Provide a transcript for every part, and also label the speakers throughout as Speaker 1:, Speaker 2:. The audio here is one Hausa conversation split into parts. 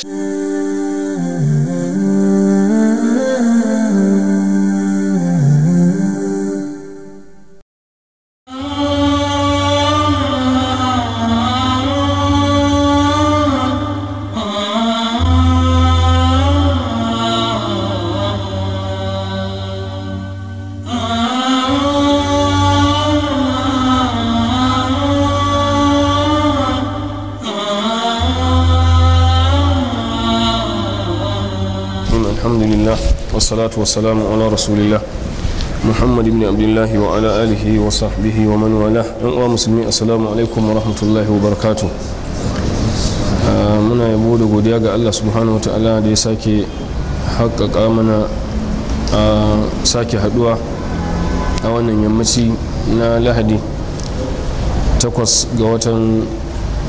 Speaker 1: Thank you. salatu wassalamu ala rasulillah muhammad ibn abdullahi wa ala alihi wa sahbihi wa man wala yan uwa musulmi assalamu alaikum wa rahmatullahi wa barakatu muna yabo da godiya ga Allah subhanahu wa ta'ala da ya sake haƙaƙa mana sake haɗuwa a wannan yammaci na lahadi takwas ga watan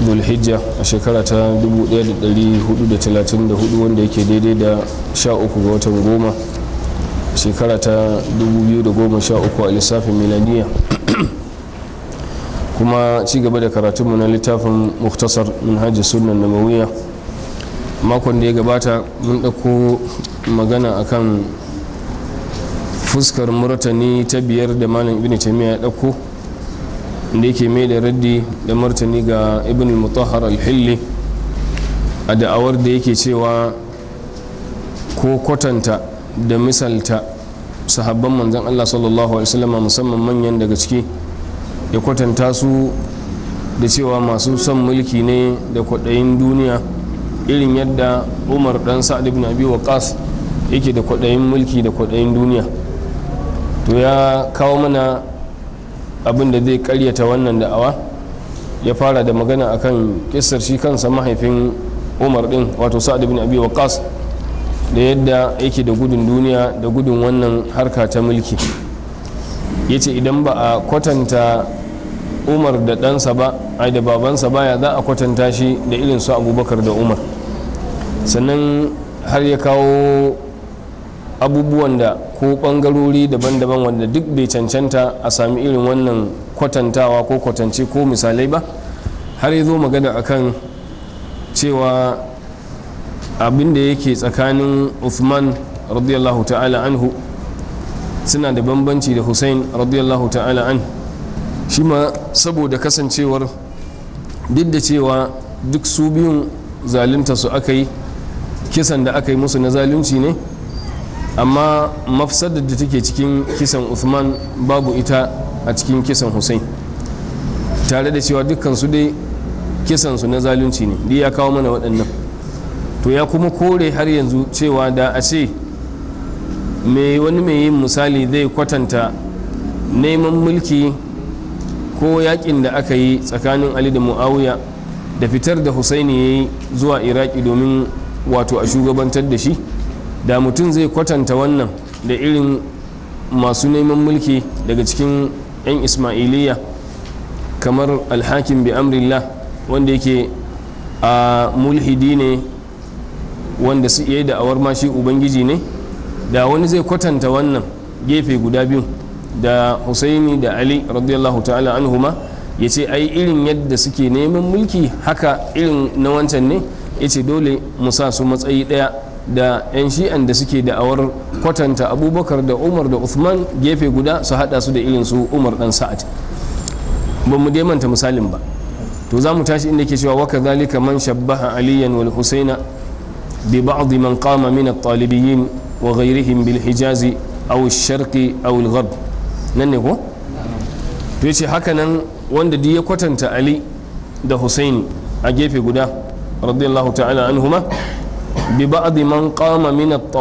Speaker 1: dulhijja a shekara ta 1434 wanda yake daidai da 13 ga watan goma shekara ta 2013 a lissafin miladiya kuma cigaba da karatunmu na littafin muktasar manhajar sunan nabawiyya makon da ya gabata mun ɗauko magana a kan fuskar murtani ta biyar da malam ibn taimiyya ya ɗauko da yake mai da raddi da martani ga ibn mutahar alhilli a da'awar da yake cewa ko kwatanta da misalta sahabban manzan Allah sallallahu alaihi wasallama musamman manyan daga ciki ya kwatanta su da cewa masu son mulki ne da kwaɗayin duniya irin yadda umar dan sa'ad ibn abi waqas yake da kwaɗayin mulki da kwaɗayin duniya to ya kawo mana abin da zai karyata wannan da'awa ya fara da magana akan kissar shi kansa mahaifin umar din wato sa'ad ibn abi waqas da yadda yake da gudun duniya da gudun wannan harka ta mulki ya ce idan ba a kwatanta umar da ɗansa ba ai da babansa baya za a kwatanta shi da irin su abubakar da umar sannan har ya kawo abubuwan da ko ɓangarori daban-daban wanda duk bai cancanta a sami irin wannan kwatantawa ko kwatance ko misalai ba har ya zo magana akan cewa abin da yake tsakanin uthman radiyallahu ta'ala anhu suna da bambanci da hussein radiyallahu ta'ala an shi ma saboda kasancewar duk da cewa duk su biyun zalunta su aka yi kisan da aka yi musu na zalunci ne amma mafsadar da take cikin kisan uthman babu ita a cikin kisan hussein tare da cewa dukkan su dai kisan su na zalunci ne ya kawo mana waɗannan to ya kuma kore har yanzu cewa da a ce mai wani mai yin misali zai kwatanta neman mulki ko yakin da aka yi tsakanin ali da muawiya da fitar da husaini ya yi zuwa iraki domin wato a shugabantar da shi da mutum zai kwatanta wannan da irin masu neman mulki daga cikin 'yan ismailiyya kamar alhakin bi amrillah wanda yake a mulhidi ne wanda su iya da'awar ma shi ubangiji ne da wani zai kwatanta wannan gefe guda biyu da husaini da ali radiyallahu ta'ala anhuma ya ce ai irin yadda suke neman mulki haka irin na wancan ne ya ce dole mu sa su matsayi ɗaya da 'yan shi'an da suke da'awar kwatanta abubakar da umar da usman gefe guda su hada su da irin su umar dan sa'ad ba mu manta misalin ba to za mu tashi inda ke cewa waka zalika man shabbaha aliyan wal husaina ببعض من قام من الطالبيين وغيرهم بالحجاز أو الشرق أو الغرب ننكو yace hakanan wanda duk ya kwatanta ali da hussaini a gefe guda radiyallahu ta'ala anhuma bi ba'di man qama min at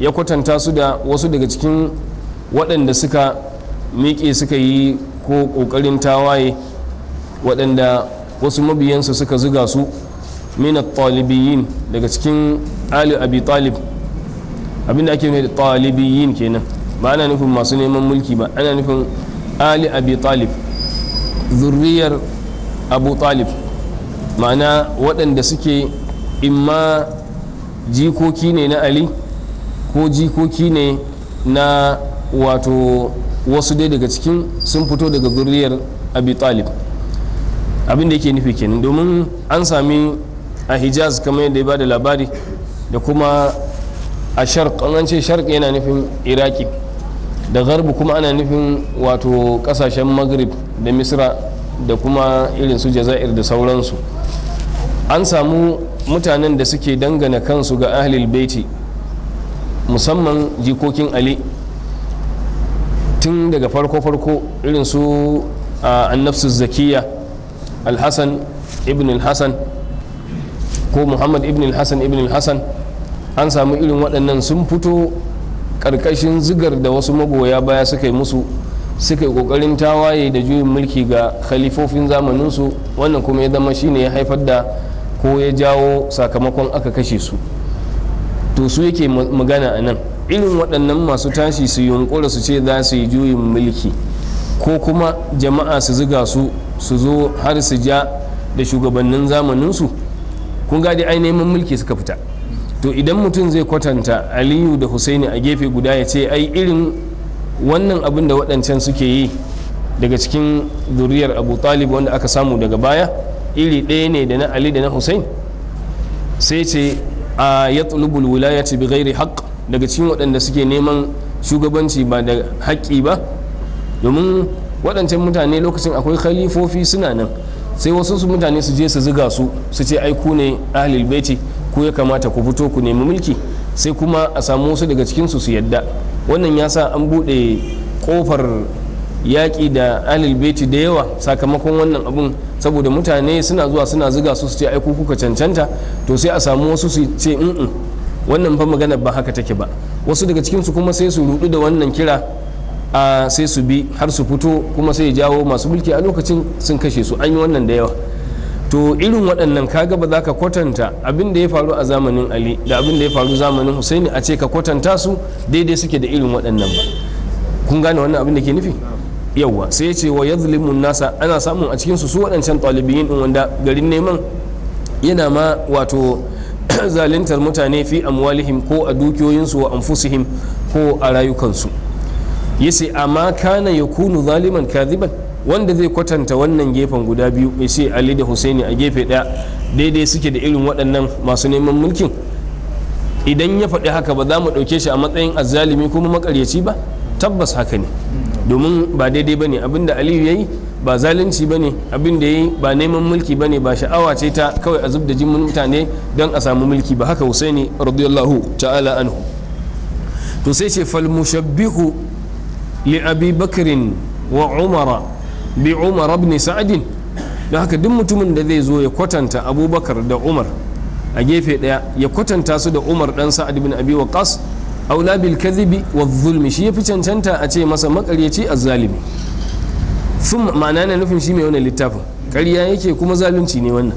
Speaker 1: ya kwatanta su da wasu daga cikin waɗanda suka miƙe suka yi ko ƙoƙarin tawaye waɗanda wasu mabiyansu suka zuga su Mina talibiyin daga cikin ali abi talib abinda ake mai talibiyin kenan ba ana nufin masu neman mulki ba ana nufin ali abi talib zurriyar abu talib ma'ana waɗanda suke imma jikoki ne na ali ko jikoki ne na wato wasu dai daga cikin sun fito daga zurriyar abi talib abinda yake nufi kenan domin an sami a hijaz kamar yadda ya ba da labari da kuma a sharq an ce sharq yana nufin iraki da garbu kuma ana nufin wato kasashen maghrib da misra da kuma irin su jazair da sauransu an samu mutanen da suke dangana kansu ga ahlil baiti musamman jikokin ali tun daga farko-farko irin su annafsu zakiya alhassan ibn al-hassan ko muhammad ibn hassan ibn hassan an samu irin waɗannan sun fito ƙarƙashin zigar da wasu magoya baya suka yi musu suka yi ƙoƙarin tawaye da juyin mulki ga khalifofin zamaninsu wannan kuma ya zama shine ya haifar da ko ya jawo sakamakon aka kashe su to su yake magana a nan irin waɗannan masu tashi su yunƙura su ce za su yi juyin mulki ko kuma jama'a su ziga su su zo har su ja da shugabannin zamaninsu kun gadi ai neman mulki suka fita to idan mutum zai kwatanta aliyu da husaini a gefe guda ya ce ai irin wannan abin da waɗancan suke yi daga cikin zuriyar abu talib wanda aka samu daga baya iri ɗaya ne da na ali da na husain sai ce a ya tsulubul wilayati bi ghairi haqq daga cikin waɗanda suke neman shugabanci ba da haƙƙi ba domin waɗancan mutane lokacin akwai khalifofi suna nan sai wasu su mutane su je su ziga su su ce ai ku ne ahlul baiti ku ya kamata ku fito ku nemi mulki sai kuma a samu wasu daga cikin su su yadda wannan ya sa an bude kofar yaki da ahlul baiti da yawa sakamakon wannan abun saboda mutane suna zuwa suna ziga su su ce ai ku kuka cancanta to sai a samu wasu su ce in wannan fa magana ba haka take ba wasu daga cikin su kuma sai su rudu da wannan kira a sai su bi har su fito kuma sai jawo masu mulki a lokacin sun kashe su an yi wannan da yawa to irin waɗannan kaga ba za ka kwatanta abin da ya faru a zamanin ali da abin da ya faru zamanin husaini a ce ka kwatanta su daidai suke da irin waɗannan ba kun gane wannan abin da ke nufi yawwa sai ya ce wa yazlimun nasa ana samun a cikinsu su waɗancan ɗalibiyin ɗin wanda garin neman yana ma wato zaluntar mutane fi amwalihim ko a dukiyoyinsu wa anfusihim ko a rayukansu ya ce amma kana ya kunu zaliman kaziban wanda zai kwatanta wannan gefen guda biyu ya ce ali da husaini a gefe ɗaya daidai suke da irin waɗannan masu neman mulkin idan ya faɗi haka ba za mu ɗauke shi a matsayin azzalimi kuma makaryaci ba tabbas haka ne domin ba daidai ba ne abinda aliyu ya yi ba zalunci ba ne abinda ya yi ba neman mulki ba ne ba sha'awa ce ta kawai a zub da mutane don a samu mulki ba haka husaini radiyallahu ta'ala anhu to sai ce fal mushabbihu li'abi bakirin wa umara bi umar ibn haka duk mutumin da zai zo ya kwatanta abubakar da umar a gefe daya ya kwatanta su da umar dan sa'ad bin abi waqas aula bil kadhibi wa zulmi shi fi cancanta a ce masa makaryaci a thumma ma'ana na nufin shi mai wannan littafin ƙarya yake kuma zalunci ne wannan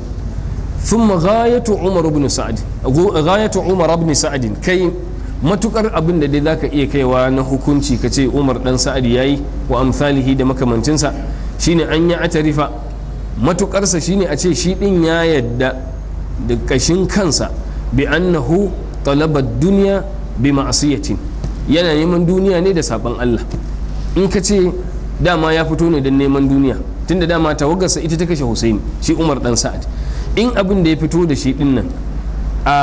Speaker 1: thumma ghayatu umar ibn sa'ad ghayatu umar ibn sa'ad kai matukar abin da dai zaka iya kaiwa na hukunci ka ce umar dan sa'ad ya yi wa amsalihi da makamancinsa shine an yi atarifa matukarsa shine a ce shi din ya yadda da kashin kansa bi annahu talaba duniya bi ma'asiyatin yana neman duniya ne da sabon Allah in ka ce dama ya fito ne don neman duniya tunda dama tawagarsa ita ta kashe Hussein shi Umar dan Sa'ad in abin da ya fito da shi din nan a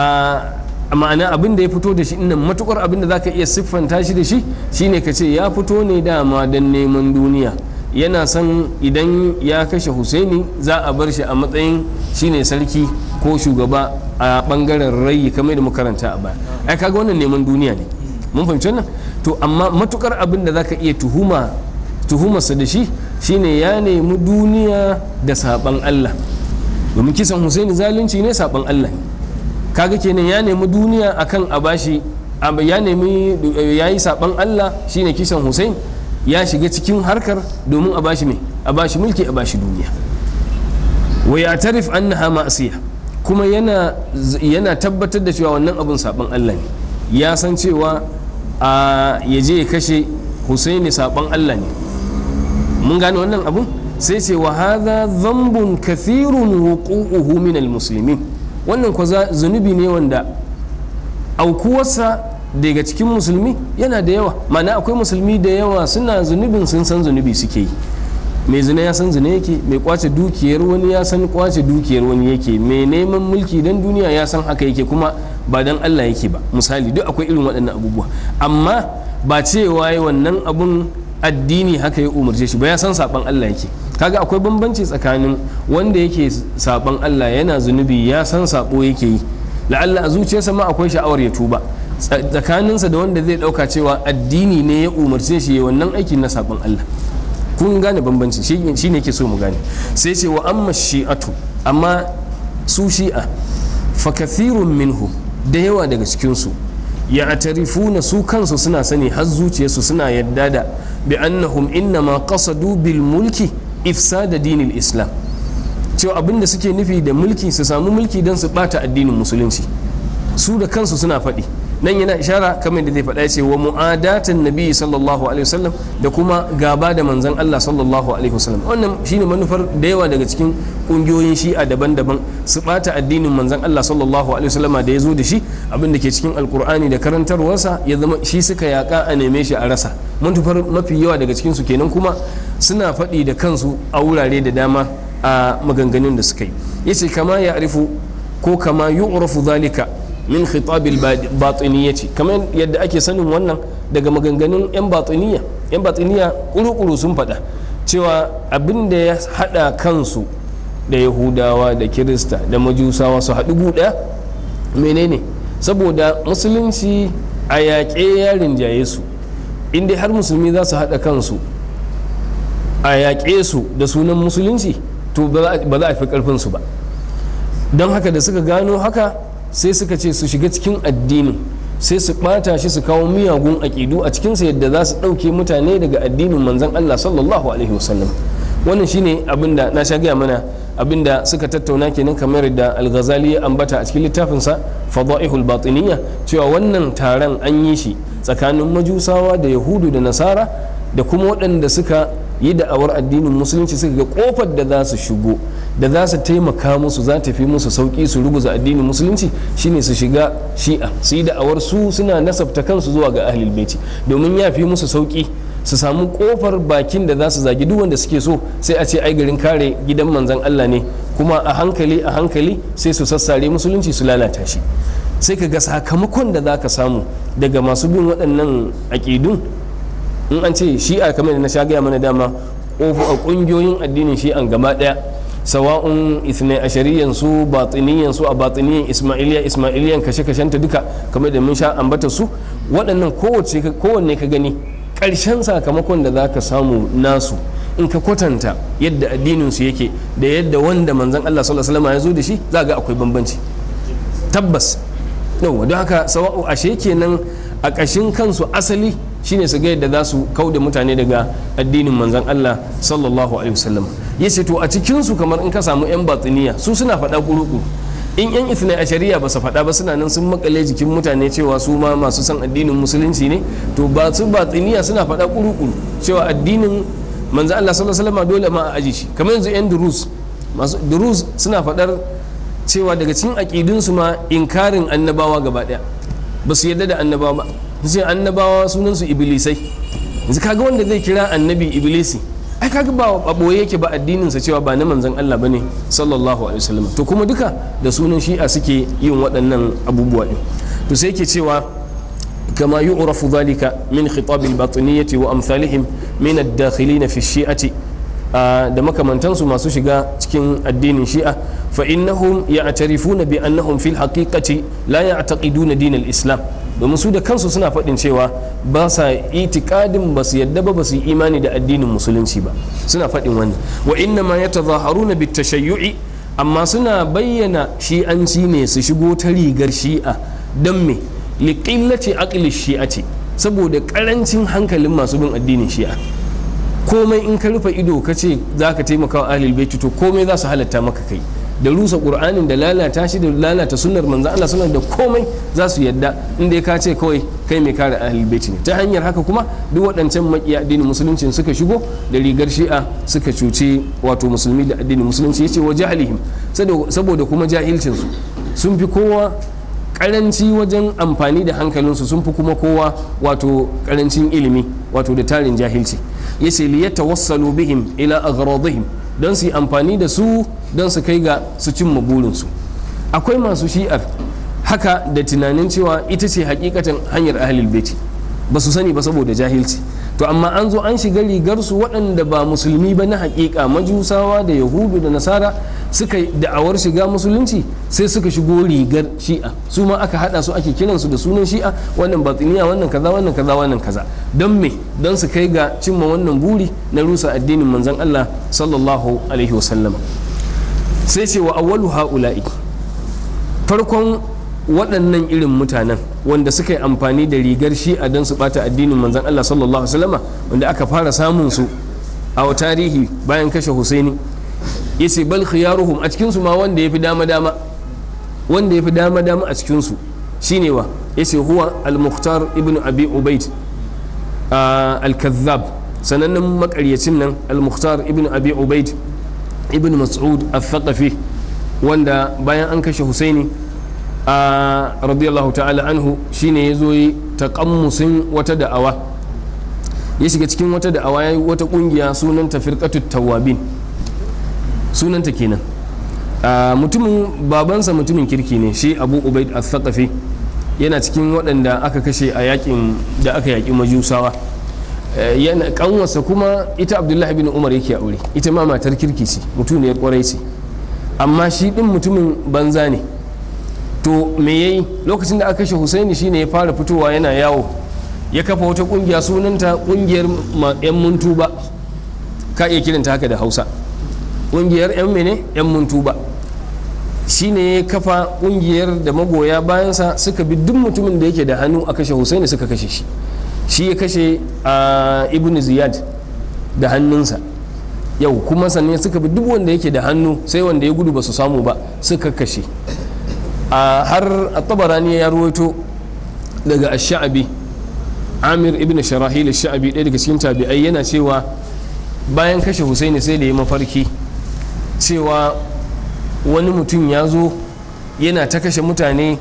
Speaker 1: ma'ana abin da ya fito da shi nan matukar abin da za ka iya siffanta shi da shi shine ka ce ya fito ne dama don neman duniya yana son idan ya kashe husaini za a bar shi a matsayin shine sarki ko shugaba a bangaren rayi kamar da makaranta a baya ai kaga wannan neman duniya ne mun fahimci nan to amma matukar abin da za ka iya tuhuma tuhumarsa da shi shine ya nemi duniya da saban Allah domin kisan husaini zalunci ne saban Allah kaga kenan ya nemi duniya akan a bashi ya nemi eh, ya yi saban Allah shine kisan Hussein ya shiga cikin harkar domin a bashi ne a bashi mulki a bashi duniya wa ya tarif annaha kuma yana yana tabbatar da cewa wannan abun saban Allah ne ya san cewa a ya je ya kashe Hussein saban Allah ne mun gane wannan abun sai ce wa hadha dhanbun kathirun wuqu'uhu min al-muslimin wannan kwa zunubi ne wanda aukuwarsa daga cikin musulmi yana da yawa mana akwai musulmi da yawa suna zunubin sun san zunubi suke yi mai zina ya san zina yake mai kwace dukiyar wani ya san kwace dukiyar wani yake mai neman mulki dan duniya ya san haka yake kuma ba don Allah yake ba misali duk akwai irin waɗannan abubuwa amma ba cewa wannan abun addini haka ya umarce shi ba ya san saban Allah yake kaga akwai bambanci tsakanin wanda yake saban Allah yana zunubi ya san sabo yake yi la'alla a zuciyarsa ma akwai sha'awar ya tuba tsakaninsa da wanda zai dauka cewa addini ne ya umarce shi ya wannan aiki na saban Allah kun gane bambanci shi ne ke so mu gane sai ce wa amma shi'atu amma su shi'a fa kathirun minhu da yawa daga cikinsu ya atarifuna su kansu suna sani har zuciyarsu suna yadda da bi annahum innama qasadu bil mulki da dinil islam cewa abinda suke nufi da mulki su samu mulki don su bata addinin musulunci su da kansu suna faɗi nan yana ishara kamar da zai faɗa ya ce wa mu'adatan nabi sallallahu alaihi wasallam da kuma gaba da manzon Allah sallallahu alaihi wasallam wannan shine manufar da yawa daga cikin kungiyoyin shi'a daban-daban su bata addinin manzon Allah sallallahu alaihi wasallam da ya zo da shi abin da ke cikin alkur'ani da karantarwarsa ya zama shi suka yaka a neme shi a rasa manufar mafi yawa daga cikin su kenan kuma suna faɗi da kansu a wurare da dama a maganganun da suka yi yace kama ya arifu ko kama yu'rafu zalika min khitabil ce kamar yadda ake sanin wannan daga maganganun yan batiniyya yan batiniyya kuru-kuru sun faɗa cewa abin da ya haɗa kansu da yahudawa da kirista da majusawa su haɗu guda menene saboda musulunci a yaƙe ya rinjaye su inda har musulmi za su haɗa kansu a yaƙe su da sunan musulunci to ba za a fi ƙarfinsu ba don haka da suka gano haka sai suka ce su shiga cikin addinin sai su ɓata shi su kawo miyagun aƙidu a cikinsa yadda za su ɗauke mutane daga addinin manzan Allah sallallahu alaihi wasallam wannan shine abinda na sha gaya mana abinda suka tattauna kenan kamar da al ya ambata a cikin littafinsa fadaihul batiniya cewa wannan taron an yi shi tsakanin majusawa da yahudu da nasara da kuma waɗanda suka yi da'awar addinin musulunci suka ga kofar da za su shigo da za su taimaka musu za ta fi musu sauki su ruguza addinin musulunci shine su shiga shi'a su yi da'awar su suna nasabta kansu zuwa ga ahlul baiti domin ya fi musu sauki su samu kofar bakin da za su zagi duk wanda suke so sai a ce ai garin kare gidan manzan Allah ne kuma a hankali a hankali sai su sassare musulunci su lalata shi sai ka ga sakamakon da za ka samu daga masu bin waɗannan aƙidun in an ce shi'a kamar da na sha gaya mana dama a ƙungiyoyin addinin shi'an gaba ɗaya sawa'un isne ashariyan su batiniyan su a batiniyan ismailiya ismailiyan kashe kashenta duka kamar da mun sha ambata su waɗannan kowace kowanne ka gani ƙarshen sakamakon da zaka samu nasu in ka kwatanta yadda addinin su yake da yadda wanda manzon Allah sallallahu alaihi wasallam ya zo da shi za ga akwai bambanci tabbas yawa don haka sawa'u ashe kenan a ƙashin kansu asali shine su ga yadda za su kauda mutane daga addinin manzon Allah sallallahu alaihi wasallam ya ce to a cikinsu kamar in ka samu 'yan batsiniya su suna faɗa kurukuru in 'yan isna a shari'a ba su faɗa ba suna nan sun makale jikin mutane cewa su ma masu san addinin musulunci ne to ba su batsiniya suna faɗa kurukuru cewa addinin manzo Allah sallallahu alaihi wasallam dole ma a aji shi kamar yanzu 'yan durus masu durus suna faɗar cewa daga cikin aƙidinsu ma inkarin annabawa gaba ɗaya ba su yarda da annabawa ba sai annabawa sunansu iblisai yanzu kaga wanda zai kira annabi iblisi ai kaga ba a boye yake ba addinin sa cewa ba na manzon Allah bane sallallahu alaihi wasallam to kuma duka da sunan shi'a suke yin waɗannan abubuwa din to sai yake cewa kama yu'rafu zalika min khitab al-batiniyyati wa amsalihim min ad na fi shi'ati da makamantansu masu shiga cikin addinin shi'a fa innahum ya'tarifuna bi annahum fil haqiqati la ya'taqiduna din al-islam domin su da kansu suna faɗin cewa ba sa itikadin ba su yadda ba ba su yi imani da addinin musulunci ba suna faɗin wani wa inna ma ya tazaharuna bitta tashayyu'i amma suna bayyana shi'anci ne su shigo ta rigar shi'a don me liƙillaci shi'a ce saboda ƙarancin hankalin masu bin addinin shi'a komai in ka rufe ido ka ce za ka taimaka wa ahlul baiti to komai za su halatta maka kai da rusa ƙur'anin da lalata shi da lalata sunnar manzo Allah sunan da komai za su yadda inda ya kace kawai kai mai kare ahlul baiti ne ta hanyar haka kuma duk waɗancan makiya addinin musulunci suka shigo da rigar shi'a suka cuci wato musulmi da addinin musulunci yace wa jahilihim saboda kuma jahilcin su sun fi kowa karanci wajen amfani da hankalinsu sun fi kuma kowa wato karancin ilimi wato da tarin jahilci yace wasu bihim ila aghradihim don su yi amfani da su don su kai ga su cimma burinsu akwai masu shi'ar haka da tunanin cewa ita ce hakikatan hanyar ahalil baiti ba su sani ba saboda jahilci to amma an zo an shiga rigarsu waɗanda ba musulmi ba na hakika majusawa da yahudu da nasara suka da'awar shiga musulunci sai suka shigo rigar shi'a su ma aka hada su ake kiransu da sunan shi'a wannan batsiniya wannan kaza wannan kaza wannan kaza don me don su kai ga cimma wannan buri na rusa addinin manzon Allah sallallahu alaihi wasallam sai ce wa awwalu ha'ula'i farkon waɗannan irin mutanen wanda suka yi amfani da rigar shi'a don su bata addinin manzan Allah sallallahu alaihi wasallama wanda aka fara samun su a tarihi bayan kashe Husaini yace bal khiyaruhum a cikin su ma wanda yafi dama dama wanda yafi dama dama a cikin su shine wa yace huwa al-mukhtar ibn abi ubaid al-kazzab sanannen makaryacin nan al-mukhtar ibn abi ubaid ibn mas'ud al-thaqafi wanda bayan an kashe husaini a radiyallahu ta'ala anhu shine ya zo yi taƙammusin wata da'awa ya shiga cikin wata da'awa ya yi wata ƙungiya sunanta firkatu tawabin sunanta kenan mutumin babansa mutumin kirki ne shi abu ubaid al-thaqafi yana cikin waɗanda aka kashe a yakin da aka yaƙi majusawa Eh, yana kanwarsa kuma ita abdullahi bin umar yake aure ita ma matar kirki ce mutuniyar kwarai ce amma shi din mutumin banza ne to me ya yi lokacin da aka kashe husaini shine ya fara fitowa yana yawo ya kafa wata kungiya sunanta kungiyar yan muntuba ka iya kiranta haka da hausa kungiyar yan mene yan shi ne ya kafa kungiyar da magoya bayansa suka bi duk mutumin da yake da hannu a kashe husaini suka kashe shi shi ya kashe ibn ziyad da hannunsa yau kuma sannan suka bi duk wanda yake da hannu sai wanda ya gudu ba su samu ba suka kashe har a tabarani ya ruwaito daga ash-sha'bi amir ibn sharahil ash-sha'bi ɗaya daga cikin tabi'ai yana cewa bayan kashe husaini sai da ya mafarki cewa wani mutum ya zo yana ta kashe mutane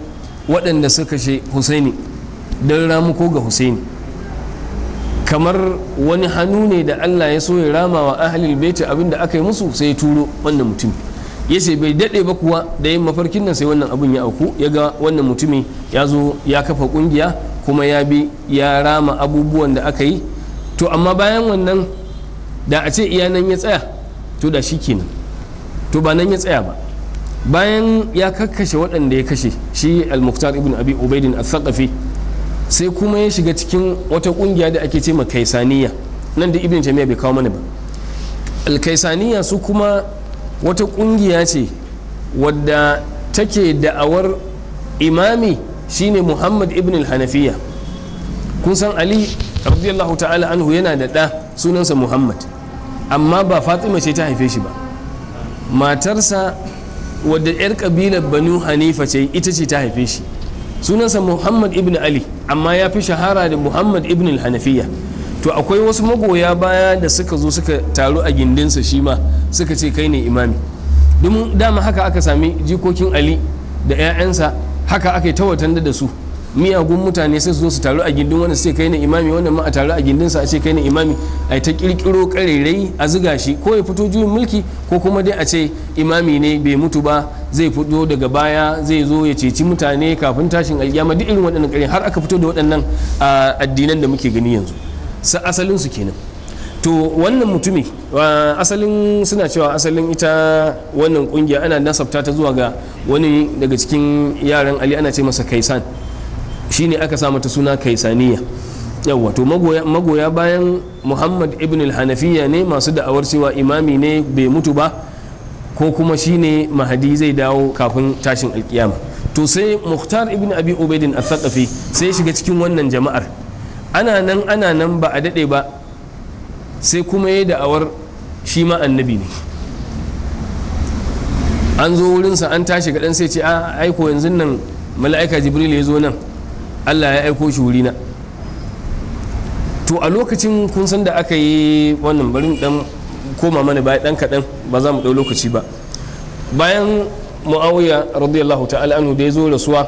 Speaker 1: waɗanda suka kashe husaini don ramuko ga husaini kamar wani hannu ne da Allah ya so ya rama wa ahalil baiti abin da aka yi musu sai ya turo wannan mutum ya ce bai daɗe ba kuwa da yin mafarkin nan sai wannan abin ya auku ya ga wannan mutumi ya zo ya kafa kungiya kuma ya bi ya rama abubuwan da aka yi to amma bayan wannan da a ce iya ya tsaya to da shi kenan to ba nan ya tsaya ba bayan ya kakkashe waɗanda ya kashe shi al-muqtar ibn abi ubaidin al-thaqafi sai kuma ya shiga cikin wata kungiya da ake ce ma kaisaniya nan da ibn jami'a bai kawo mana ba alkaisaniya su kuma wata kungiya ce wadda take da'awar imami shine muhammad ibn al kun san ali radiyallahu ta'ala anhu yana da ɗa sunansa muhammad amma ba fatima ce ta haife shi ba matarsa wadda 'yar kabilar banu hanifa ce ita ce ta haife shi sunansa muhammad ibn ali amma ya fi shahara da muhammad ibn hanafiya to akwai wasu magoya baya da suka zo suka taru a gindinsa shi ma suka ce kai ne imami domin dama haka aka sami jikokin ali da 'ya'yansa haka aka yi tawatan da su miyagun mutane sai su zo su taru a gindin wanda sai kai ne imami wannan ma a taru a gindinsa a ce kai ne imami a ta kirkiro karerai a ziga shi ko ya fito juyin mulki ko kuma dai a ce imami ne bai mutu ba zai fito daga baya zai zo ya ceci mutane kafin tashin alkiyama duk irin waɗannan ƙarin har aka fito da waɗannan addinan da muke gani yanzu sa asalin su kenan to wannan mutumi asalin suna cewa asalin ita wannan kungiya ana nasabta ta zuwa ga wani daga cikin yaran ali ana ce masa kaisan shine aka sa mata suna kaisaniya yawwa to magoya bayan muhammad ibn al-hanafiya ne masu da'awar cewa imami ne bai mutu ba ko kuma shi ne mahadi zai dawo kafin tashin alkiyama to sai muhtar ibn abi a al sai shiga cikin wannan jama'ar ana nan ana nan ba a daɗe ba sai kuma ya da'awar shi ma annabi ne an zo wurinsa an tashi kaɗan sai ce a aiko yanzu nan mala'ika jibril ya zo nan allah ya aiko shi wuri na to a lokacin kun san da aka yi wannan barin dan koma mana baya dan kaɗan ba za mu ɗau lokaci ba bayan muawiya radiyallahu ta'ala anhu da ya zo rasuwa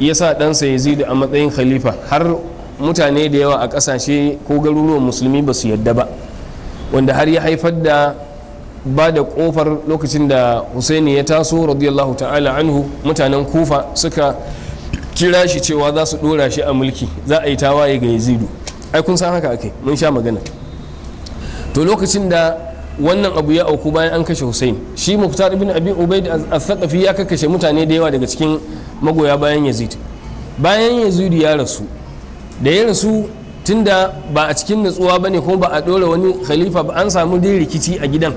Speaker 1: ya sa ɗansa ya yazid a matsayin khalifa har mutane da yawa a ƙasashe ko garuruwan musulmi ba su yadda ba wanda har ya haifar da ba da ƙofar lokacin da husaini ya taso radiyallahu ta'ala anhu mutanen kufa suka kira shi cewa za su ɗora shi a mulki za a yi tawaye ga yazidu ai kun san haka ake mun sha magana to lokacin da wannan abu ya auku bayan an kashe hussein shi muftar ibn abi ubaid al-thaqafi ya kakkashe mutane da yawa daga cikin magoya bayan yazid bayan yazid ya rasu da ya rasu tunda ba a cikin natsuwa bane ko ba a dora wani khalifa ba an samu dai rikici a gidan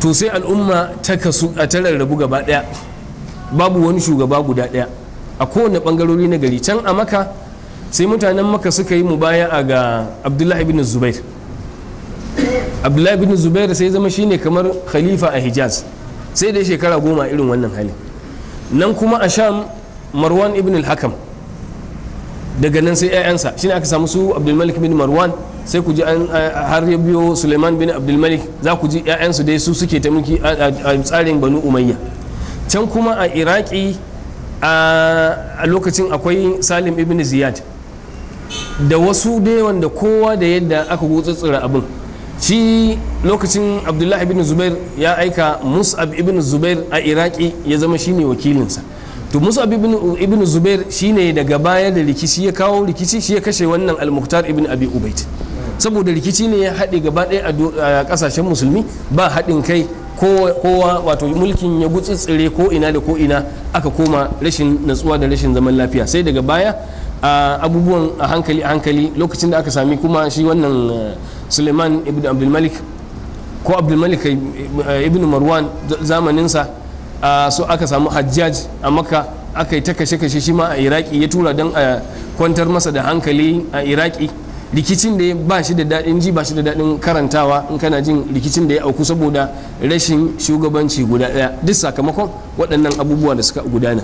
Speaker 1: to sai al'umma ta kasu a ta rarrabu gaba daya babu wani shugaba guda daya a kowane bangarori na gari can a maka sai mutanen maka suka yi mu mubaya'a ga abdullahi ibn zubair abdullahi bin zubair sai zama shine kamar khalifa a hijaz sai dai shekara goma irin wannan hali nan kuma a sham marwan ibn al-hakam daga nan sai 'ya'yansa shine aka samu su abdulmalik bin marwan sai ku ji an har ya biyo suleiman bin abdulmalik za ku ji 'ya'yansu dai su suke ta mulki a tsarin banu umayya can kuma a iraki a lokacin akwai salim ibn ziyad da wasu dai wanda kowa da yadda aka gutsutsura abin shi lokacin abdullahi ibn zubair ya aika mus'ab ibn zubair a iraki ya zama shine wakilinsa to mus'ab ibn zubair shine daga baya da rikici ya kawo rikici shi ya kashe wannan al-muhtar ibn abi ubaid saboda rikici ne ya haɗe gaba ɗaya a ƙasashen musulmi ba haɗin kai kowa wato mulkin ya gutsitsire ko ina da ko ina aka koma rashin natsuwa da rashin zaman lafiya sai daga baya abubuwan a hankali a hankali lokacin da aka sami kuma shi wannan suleiman ibn abdulmalik ko abdulmalik eh, eh, ibn marwan zamaninsa ah, so aka samu hajjaj a makka aka yi ta kashe-kashe shi ma a iraki ya tura don a kwantar masa da hankali a iraki rikicin da ba shi da daɗin ji ba shi da daɗin karantawa in kana jin rikicin da ya auku saboda rashin shugabanci guda ɗaya duk sakamakon waɗannan abubuwa da suka gudana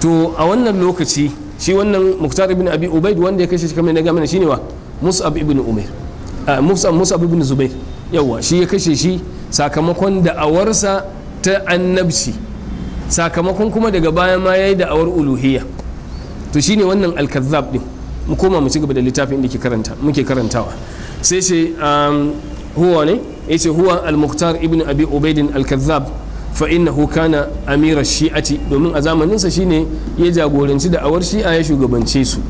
Speaker 1: to a wannan lokaci shi wannan muktar ibn abi ubaid wanda ya kashe shi kamar na gamana shine wa mus'ab ibn umair Ah, musa musa ibn zubair yawa shi ya kashe shi sakamakon da'awarsa ta annabci sakamakon kuma daga baya ma ya yayi da'awar uluhiyya to shine wannan al din mu koma mu ci gaba da littafin da karanta muke karantawa sai ce um, huwa ne yace huwa al-muqtar ibn abi ubaidin al-kazzab fa innahu kana amira shi'ati domin a zamaninsa shine ya jagoranci da'awar shi'a ya shugabance su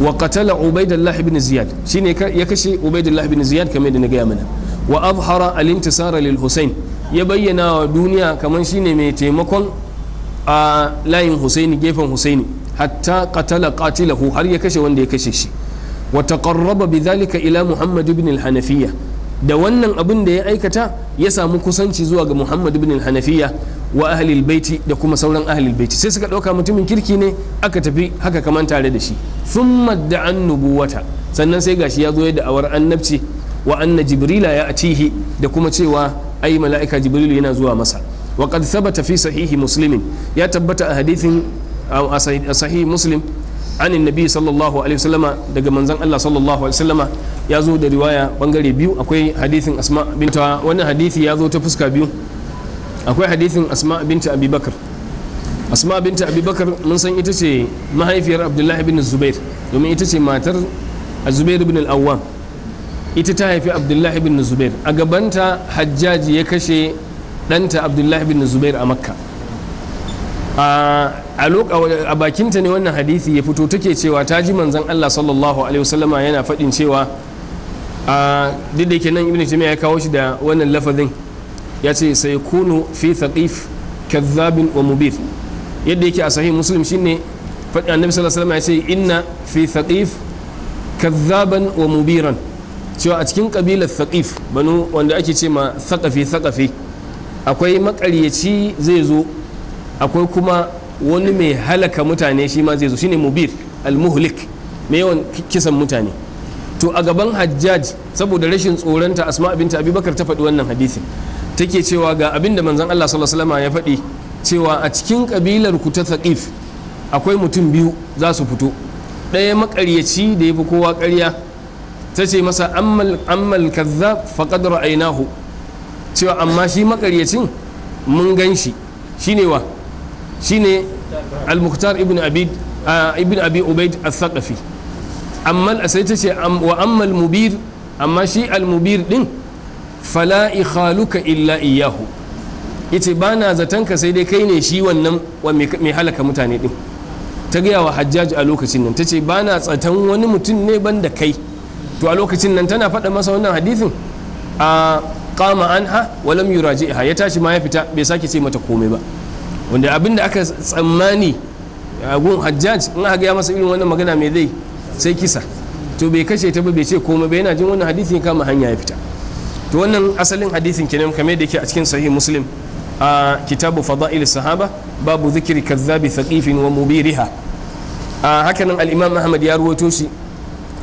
Speaker 1: wa katala ubaidullah ibn ziyad shine ya kashe ubaidullah ibn ziyad kamar da na gaya mana wa azhara al-intisara lil husayn ya bayyana wa duniya kamar shine mai taimakon a layin husaini gefen husaini hatta katala qatilahu har ya kashe wanda ya kashe shi wa bi zalika ila muhammadu bin al da wannan abin da ya aikata ya samu kusanci zuwa ga muhammadu bin al wa ahlil baiti da kuma sauran ahlil baiti sai suka ɗauka mutumin kirki ne aka tafi haka kaman tare da shi sun da an nubuwata sannan sai gashi ya zo ya da'awar annabci wa anna jibrila ya atihi da kuma cewa ai mala'ika jibrilu yana zuwa masa wa qad thabata fi sahihi muslimin ya tabbata a hadithin a sahihi muslim anin annabi sallallahu alaihi wasallama daga manzon Allah sallallahu alaihi wasallama ya zo da riwaya bangare biyu akwai hadithin asma binta wannan hadithi ya zo ta fuska biyu akwai hadisin asma binta abi bakar asma binta abi bakar mun san ita ce mahaifiyar abdullahi bin zubair domin ita ce matar zubair bin al ita ta haifi abdullahi bin zubair a gabanta hajjaji ya kashe ɗanta abdullahi bin zubair a makka a bakinta ne wannan hadithi ya fito take cewa ta ji manzan allah sallallahu alaihi wasallama yana faɗin cewa duk da ke ibn ya kawo shi da wannan lafazin ya ce sai kunu fi thaqif kazzabin wa mubir yadda yake a sahih muslim shine faɗi annabi sallallahu alaihi wasallam ya ce inna fi thaqif kazzaban wa mubiran cewa a cikin kabilar thaqif banu wanda ake ce ma thaqafi thaqafi akwai makaryaci zai zo akwai kuma wani mai halaka mutane shi ma zai zo shine mubir almuhlik mai yawan kisan mutane to a gaban hajjaj saboda rashin tsoronta asma binta abubakar ta faɗi wannan hadisi take cewa ga abin da manzon Allah sallallahu alaihi wasallam ya faɗi cewa a cikin kabilar ku ta thaqif akwai mutum biyu za su fito ɗaya makaryaci da ya fi kowa ƙarya ta ce masa ammal kaza faƙad ra'aynahu cewa amma shi makaryacin mun gan shi ne wa shine al-mukhtar ibn abid ah, ibn abi ubaid al-thaqafi amma sai ta ce wa ammal mubir amma shi al-mubir din fala ikhaluka illa iyahu yace ba na ka sai dai kai ne shi wannan mai halaka mutane din ta gaya wa hajjaj a lokacin nan ta ce ba na tsatan wani mutum ne ban da kai to a lokacin nan tana faɗa masa wannan hadithin a kama anha walam yuraji'ha ya tashi ma ya fita bai sake ce mata komai ba wanda abin da aka tsammani a gun hajjaj in aka gaya masa irin wannan magana mai zai sai kisa to bai kashe ta ba bai ce komai ba yana jin wannan hadithin kama hanya ya fita wannan asalin hadisin kenan kamar da yake a cikin sahih muslim a kitabu fada'il sahaba babu zikiri kazzabi thaqifin wa mubiriha a hakanan al-imam ahmad ya ruwato shi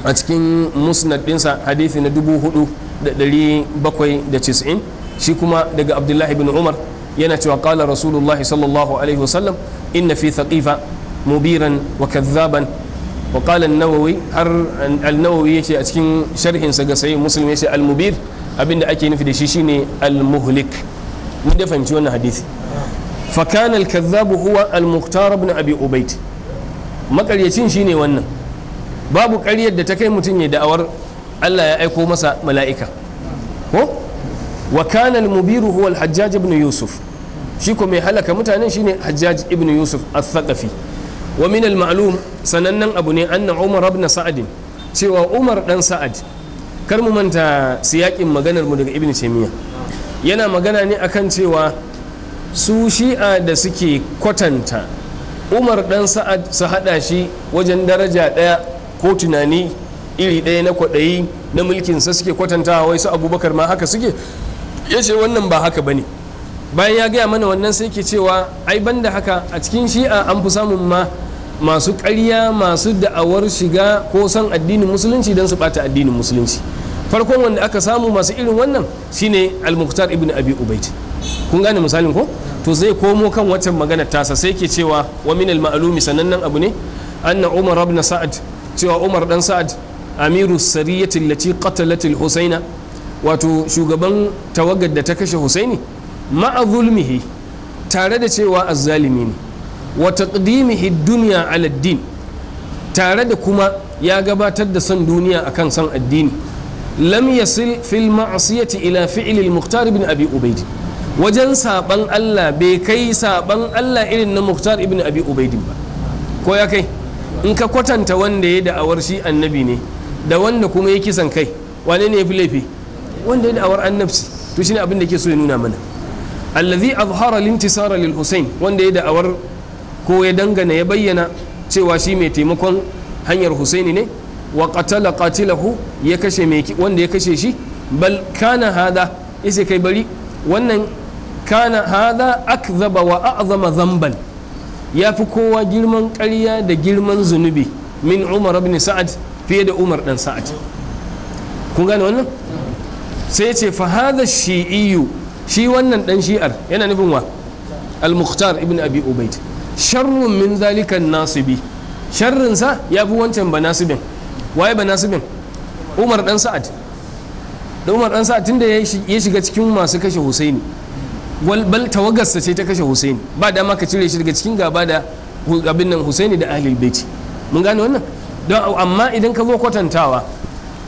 Speaker 1: a cikin musnad dinsa hadisi na 4790 shi kuma daga abdullahi bin umar yana cewa qala rasulullahi sallallahu alaihi wasallam inna fi thaqifa mubiran wa kazzaban وقال النووي har النووي yace a cikin sharhin sa ga sai muslim yace al-mubir abinda ake nufi da shi shine al-muhlik mun da fahimci wannan hadisi fakanal kana al-kazzab huwa al-muqtar ibn abi ubayd makaryacin shine wannan babu karyar da ta kai mutum ya da'awar Allah ya aiko masa mala'ika ko wa mubiru huwa al-hajjaj ibn yusuf shi ko mai halaka mutanen shine hajjaj ibnu yusuf al wa min al-ma'lum sanannen abu ne anna umar ibn sa'ad cewa umar dan sa'ad kar mu manta siyakin maganar mu daga ibn taymiya yana magana ne akan cewa su shi'a da suke kwatanta umar dan sa'ad su hada shi wajen daraja daya ko tunani iri ɗaya na kwaɗayi na mulkinsa suke kwatantawa wai su abubakar ma haka suke yace wannan ba haka bane bayan ya gaya mana wannan sai ke cewa ai ban da haka a cikin shi'a an fi samun ma masu ƙarya masu da'awar shiga ko son addinin musulunci don su bata addinin musulunci farkon wanda aka samu masu irin wannan shine al-muqtar ibn abi ubaid kun gane misalin ko to zai komo kan waccan magana tasa sai ke cewa wa min al sanannen abu ne anna umar ibn sa'ad cewa umar dan sa'ad amiru sariyati allati qatalat al-husaina wato shugaban tawagar da ta kashe husaini ma'azulmihi tare da cewa azzalimi ne wa taqdimihi dunya ala tare da kuma ya gabatar da son duniya akan son addini lam yasil fil ma'siyati ila fi'li al-mukhtar ibn abi ubayd wajen saban Allah bai kai saban Allah irin na mukhtar ibn abi ubayd ba ko ya kai in ka kwatanta wanda ya da'awar shi annabi ne da wanda kuma ya kisan kai wane ne ya fi laifi wanda ya da'awar annabci to shine abin da ke so ya nuna mana allazi azhara lintisara lil husain wanda ya da'awar ko ya dangana ya bayyana cewa shi mai taimakon hanyar husaini ne wa qatala qatilahu ya kashe mai wanda ya kashe shi bal kana hada kai bari wannan kana hada akzaba wa a'zama zamban ya fi kowa girman ƙarya da girman zunubi min umar ibn sa'ad fiye da umar dan sa'ad kun gane wannan sai ya ce fa hadha shi'iyyu shi wannan dan shi'ar yana nufin wa al-mukhtar ibn abi ubayd sharrun min zalikan nasibi sharrin sa ya fi wancan ba nasibin waye ba nasibin umar dan sa'ad da umar dan sa'ad tunda ya shiga cikin masu kashe husaini bal tawagarsa ce ta kashe husaini ba dama ka cire shi daga cikin gaba da abin nan husaini da ahlul baiti mun gane wannan don amma idan ka zo kwatantawa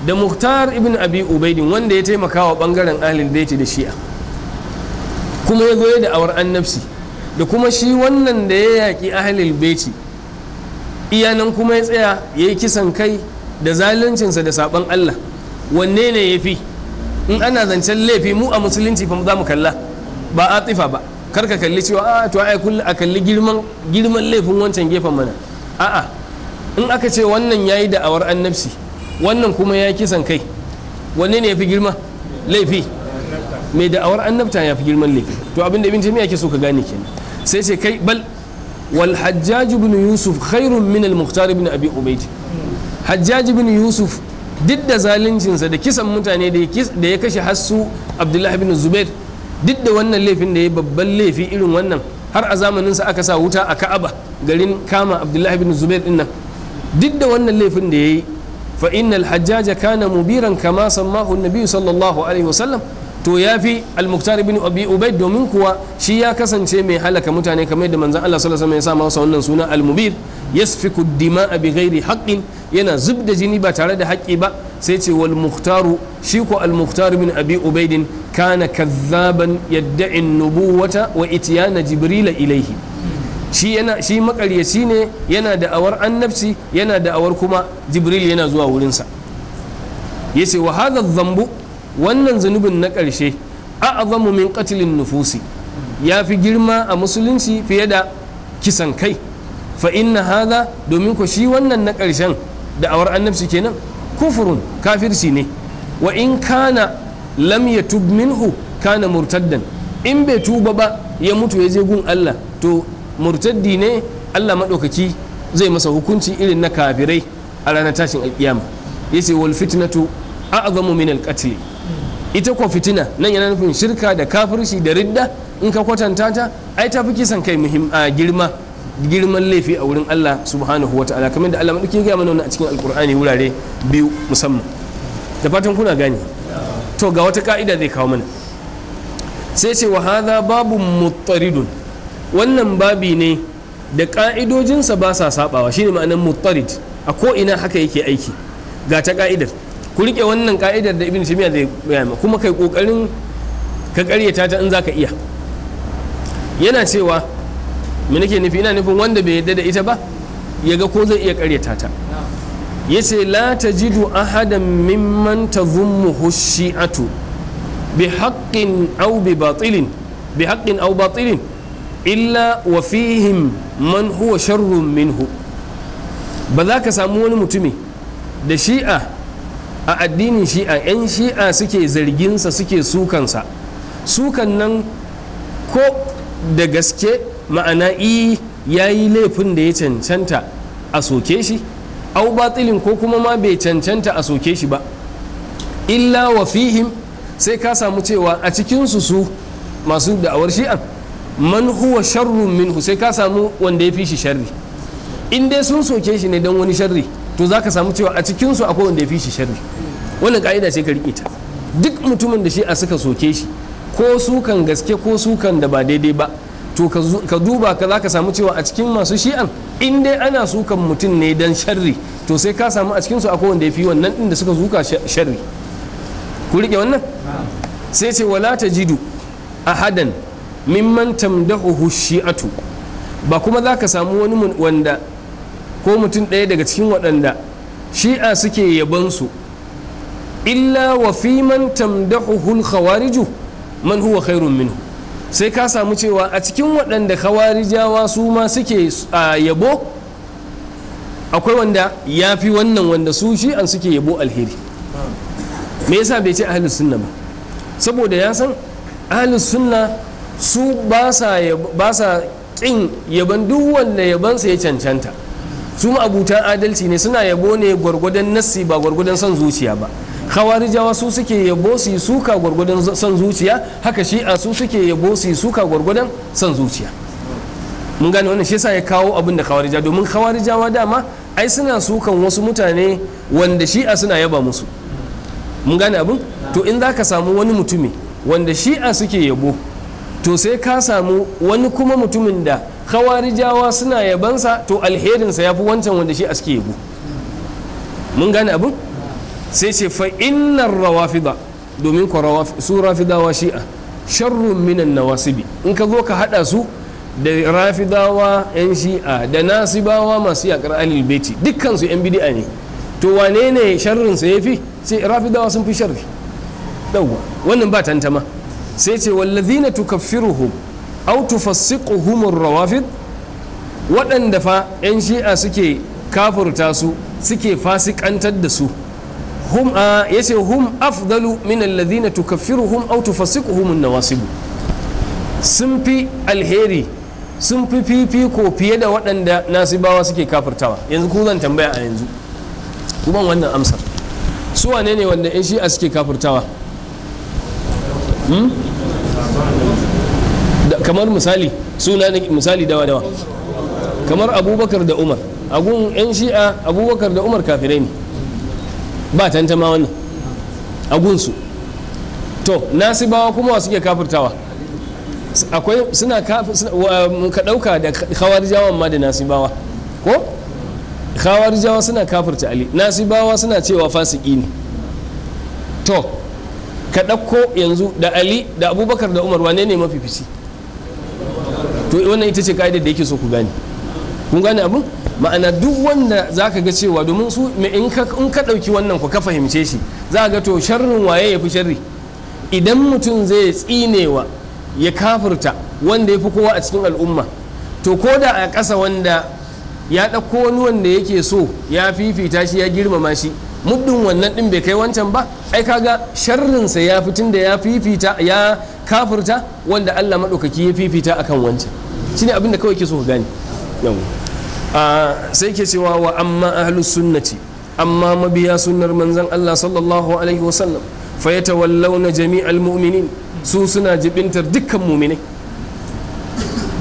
Speaker 1: da muhtar ibn abi ubaidin wanda ya taimaka wa bangaren ahlul baiti da shi'a kuma ya zo da awar annabci da kuma shi wannan da ya yaƙi ahalil beci iyanan kuma ya tsaya ya yi kisan kai da zaluncinsa da saɓon allah wanne ne ya fi in ana zancen laifi mu a musulunci fa za mu kalla ba a tsifa ba kar ka kalli cewa a ah, to ai kullu a kalli girman girman laifin wancan gefen mana a'a in aka ce wannan yayi da'awar annabci wannan kuma ya kisan kai wanne ne ya fi girma laifi mai da'awar annabta ya fi girman laifi to abin da ibn taymiya ke so ka gane kenan sai ce kai bal wal hajjaj yusuf khairun min al muhtar ibn abi ubayd hajjaj ibn yusuf duk da zaluncinsa da kisan mutane da ya kashe hassu abdullahi ibn zubair duk da wannan laifin da ya babban laifi irin wannan har a zamaninsa aka sa wuta a ka'aba garin kama abdullahi ibn zubair din nan duk da wannan laifin da ya yi fa innal hajjaja kana mubiran kama sammahu nabi sallallahu alaihi wasallam to ya fi almuktar muktar ibn ubaid domin kuwa shi ya kasance mai halaka mutane kamar yadda manzon Allah sallallahu alaihi wasallam ya sa masa wannan suna almubir mubir yasfiku dima'a bi ghairi haqqin yana zub da jini ba tare da haƙƙi ba sai ce wal muhtaru shi ko al muhtaru min abi ubaidin kana kazzaban yadda'i nubuwata wa itiyana jibrila ilaihi shi yana shi makaryaci ne yana da awar annabci yana da awar kuma jibril yana zuwa wurinsa yace wa hadha dhanbu wannan zunubin na ƙarshe a'azamu min qatlin nufusi ya fi girma a musulunci fiye da kisan kai fa inna hadha domin ku shi wannan na ƙarshen da awar annabci kenan kufurun kafirci ne wa in kana lam yatub minhu kana murtaddan in bai tuba ba ya mutu ya je gun Allah to murtaddi ne Allah maɗaukaki zai masa hukunci irin na kafirai a ranar tashin alƙiyama yace wal fitnatu a'zamu min al ita ko fitina nan yana nufin shirka da kafirci da ridda in ka kwatanta ta ai ta fi kisan kai girma girman laifi a wurin Allah subhanahu wa ta'ala kamar da Allah madauki ya gaya mana wannan a cikin alkur'ani wurare biyu musamman da fatan kuna gani to ga wata ka'ida zai kawo mana sai ce wa hadha babu muttaridun wannan babi ne da ka'idojinsa ba sa sabawa shine ma'anar muttarid a ko ina haka yake aiki ga ta ka'idar ku rike wannan ka'idar da ibn taymiya zai bayyana kuma kai kokarin ka karyata ta in zaka iya yana cewa me nake nufi ina nufin wanda bai yadda da ita ba ya ga ko zai iya karyata ta yace la tajidu ahadan mimman tazummu shi'atu bi haqqin aw bi batilin bi haqqin aw batilin illa wa fihim man huwa sharrun minhu ba za ka samu wani mutumi da shi'a a addinin shi'a 'yan shi'a suke zarginsa suke sukansa sukan nan ko da gaske ma'ana i ya yi laifin da ya cancanta a soke shi au batilin ko kuma ma bai cancanta a soke shi ba illa wa fihim sai ka samu cewa a cikinsu su masu da'awar shi'an man huwa sharrun minhu sai ka samu wanda ya fi shi sharri in dai sun soke shi ne don wani sharri to za ka samu cewa a cikinsu akwai wanda ya fi shi sharri wannan ka'ida ce ka riƙe ta duk mutumin da shi a suka soke shi ko sukan gaske ko sukan da ba daidai ba to ka duba ka za ka samu cewa a cikin masu shi'an in dai ana sukan mutum ne don sharri to sai ka samu a cikinsu akwai wanda ya fi wannan ɗin da suka zuka sharri ku riƙe wannan sai ce wala ta jidu a hadan mimman tamdahu shi'atu ba kuma za ka samu wani wanda ko mutum ɗaya daga cikin waɗanda shi'a suke yabansu illa wa fi man tamdahuhul khawariju man huwa khairun minhu sai ka samu cewa a cikin waɗanda khawarijawa su ma suke yabo akwai wanda ya fi wannan wanda su shi'an suke yabo alheri me yasa bai ce ahlus sunna ba saboda ya san ahlus sunna su ba sa ƙin yaban duk wanda yabansa ya cancanta su ma'abutan adalci ne suna yabo ne gwargwadon nassi ba gwargwadon son zuciya ba khawarijawa su suke yabo su suka gwargwadon son zuciya haka shi'a su suke yabo su suka gwargwadon son zuciya mun gane wannan shi yasa ya kawo abin da khawarija domin khawarijawa dama ai suna sukan wasu mutane wanda shi a suna yaba musu mun gane abin to in za ka samu wani mutumi wanda shi a suke yabo to sai ka samu wani kuma mutumin da khawarijawa suna yabansa to alherinsa ya fi wancan wanda shi aske yabo mun gane abin sai ce fa innar rawafida domin ku su rafidawa shi'a sharrun minan nawasibi in ka zo ka hada su da rafidawa yan shi'a da nasibawa masu yakar alil beti dukkan su yan bid'a ne to wane ne sharrin sa yafi sai rafidawa sun fi sharri yawwa wannan ba tantama sai ce wallazina tukaffiruhum autu fasiku tufassiquhumur rawafid waɗanda fa 'yan shi'a suke kafurta su suke fasikantar da su hum a yace hum afdalu min alladhina hum aw tufassiquhum an-nawasib sun fi alheri sun fi fifiko fiye da waɗanda nasibawa suke kafirtawa yanzu ku zan tambaya a yanzu ku ban wannan amsar su wane ne wanda 'yan shi'a suke kafirtawa hmm? kamar misali suna misali dawa dawa kamar abubakar da umar agun yan shi'a abubakar da umar kafirai ne ba tantama wannan agunsu to nasibawa kuma wasu ke kafirtawa akwai suna ka ɗauka da khawarijawan ma da nasibawa ko khawarijawa suna kafirta ali nasibawa suna cewa fasiki ne to ka ɗauko yanzu da ali da abubakar da umar wane ne mafi fici to wannan ita ce ka'idar da yake so ku gani kun gani abu ma'ana duk wanda za ka ga cewa domin su in ka ɗauki wannan ku ka fahimce shi za ga to sharrin waye ya fi sharri idan mutum zai tsinewa ya kafirta wanda ya fi kowa a cikin al'umma to ko da a ƙasa wanda ya ɗauko wani wanda yake so ya fifita shi ya girmama shi muddin wannan ɗin bai kai wancan ba ai kaga sharrinsa ya fitin da ya fifita ya kafirta wanda allah maɗaukaki ya fifita akan wancan shine abin da kawai ke so ka gane sai ke cewa wa amma ahlus sunnati amma mabiya sunnar manzan Allah sallallahu alaihi wasallam fa na jami'al mu'minin su suna jibintar dukkan mu'minai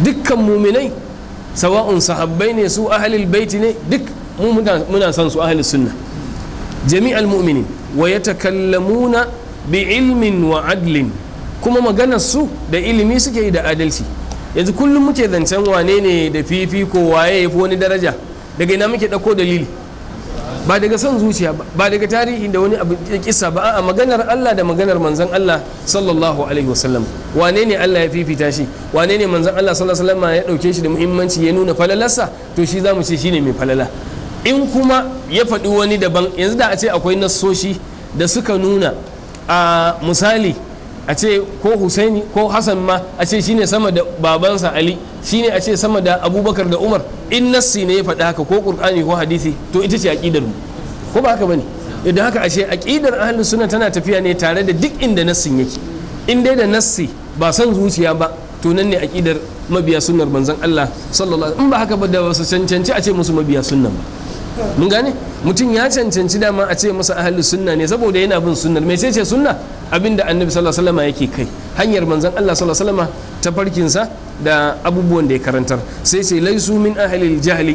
Speaker 1: dukkan mu'minai sawa'un sahabbai ne su ahlul baiti ne duk muna son su ahlus sunna jami'al mu'minin wa yatakallamuna bi ilmin wa adlin kuma maganar su da ilimi suke yi da adalci yanzu kullum muke zancen wane ne da fifiko waye ya fi wani daraja daga ina muke ɗauko dalili ba daga son zuciya ba daga tarihi da wani abu da kisa ba a maganar Allah da maganar manzon Allah sallallahu alaihi wasallam wane ne Allah ya fifita shi wane ne manzon Allah sallallahu alaihi wasallam ya dauke shi da muhimmanci ya nuna falalarsa to shi zamu ce shine mai falala in kuma ya faɗi wani daban yanzu da a ce akwai nassoshi da suka nuna a misali a ce ko husaini ko hassan ma a ce shine sama da babansa ali shine a ce sama da abubakar da umar in nassi ne ya faɗa haka ko ƙur'ani ko hadisi to ita ce aƙidar mu ko ba haka bane idan haka ashe aƙidar ahlus sunna tana tafiya ne tare da duk inda nassin yake in dai da nassi ba son zuciya ba to nan ne aƙidar mabiya sunnar manzon Allah sallallahu alaihi in ba haka ba da wasu cancanci a ce musu mabiya sunnan ba mun gane mutum ya cancanci dama a ce masa ahlus sunna ne saboda yana bin sunnar me ce sunna abinda annabi sallallahu alaihi wasallam yake kai hanyar manzon Allah sallallahu alaihi wasallam ta farkinsa da abubuwan da ya karantar sai ce laisu min ahlil jahli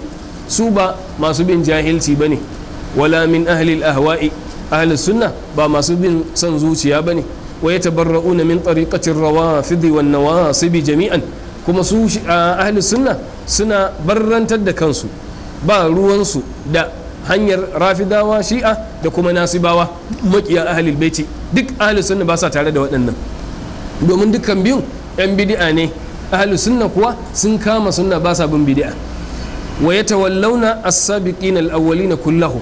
Speaker 1: su ba masu bin jahilci bane wala min ahlil ahwa'i ahlus sunna ba masu bin son zuciya bane wa yatabarra'una min tariqatir rawafidi wan nawasibi jami'an kuma su ahlus sunna suna barrantar da kansu ba ruwansu da hanyar rafidawa shi'a da kuma nasibawa makiya ahalil baiti duk ahalil sunna ba sa tare da waɗannan domin dukkan biyun yan bidi'a ne ahalil sunna kuwa sun kama sunna ba sa bin bidi'a wa ya tawallauna as-sabiqin al na kullahu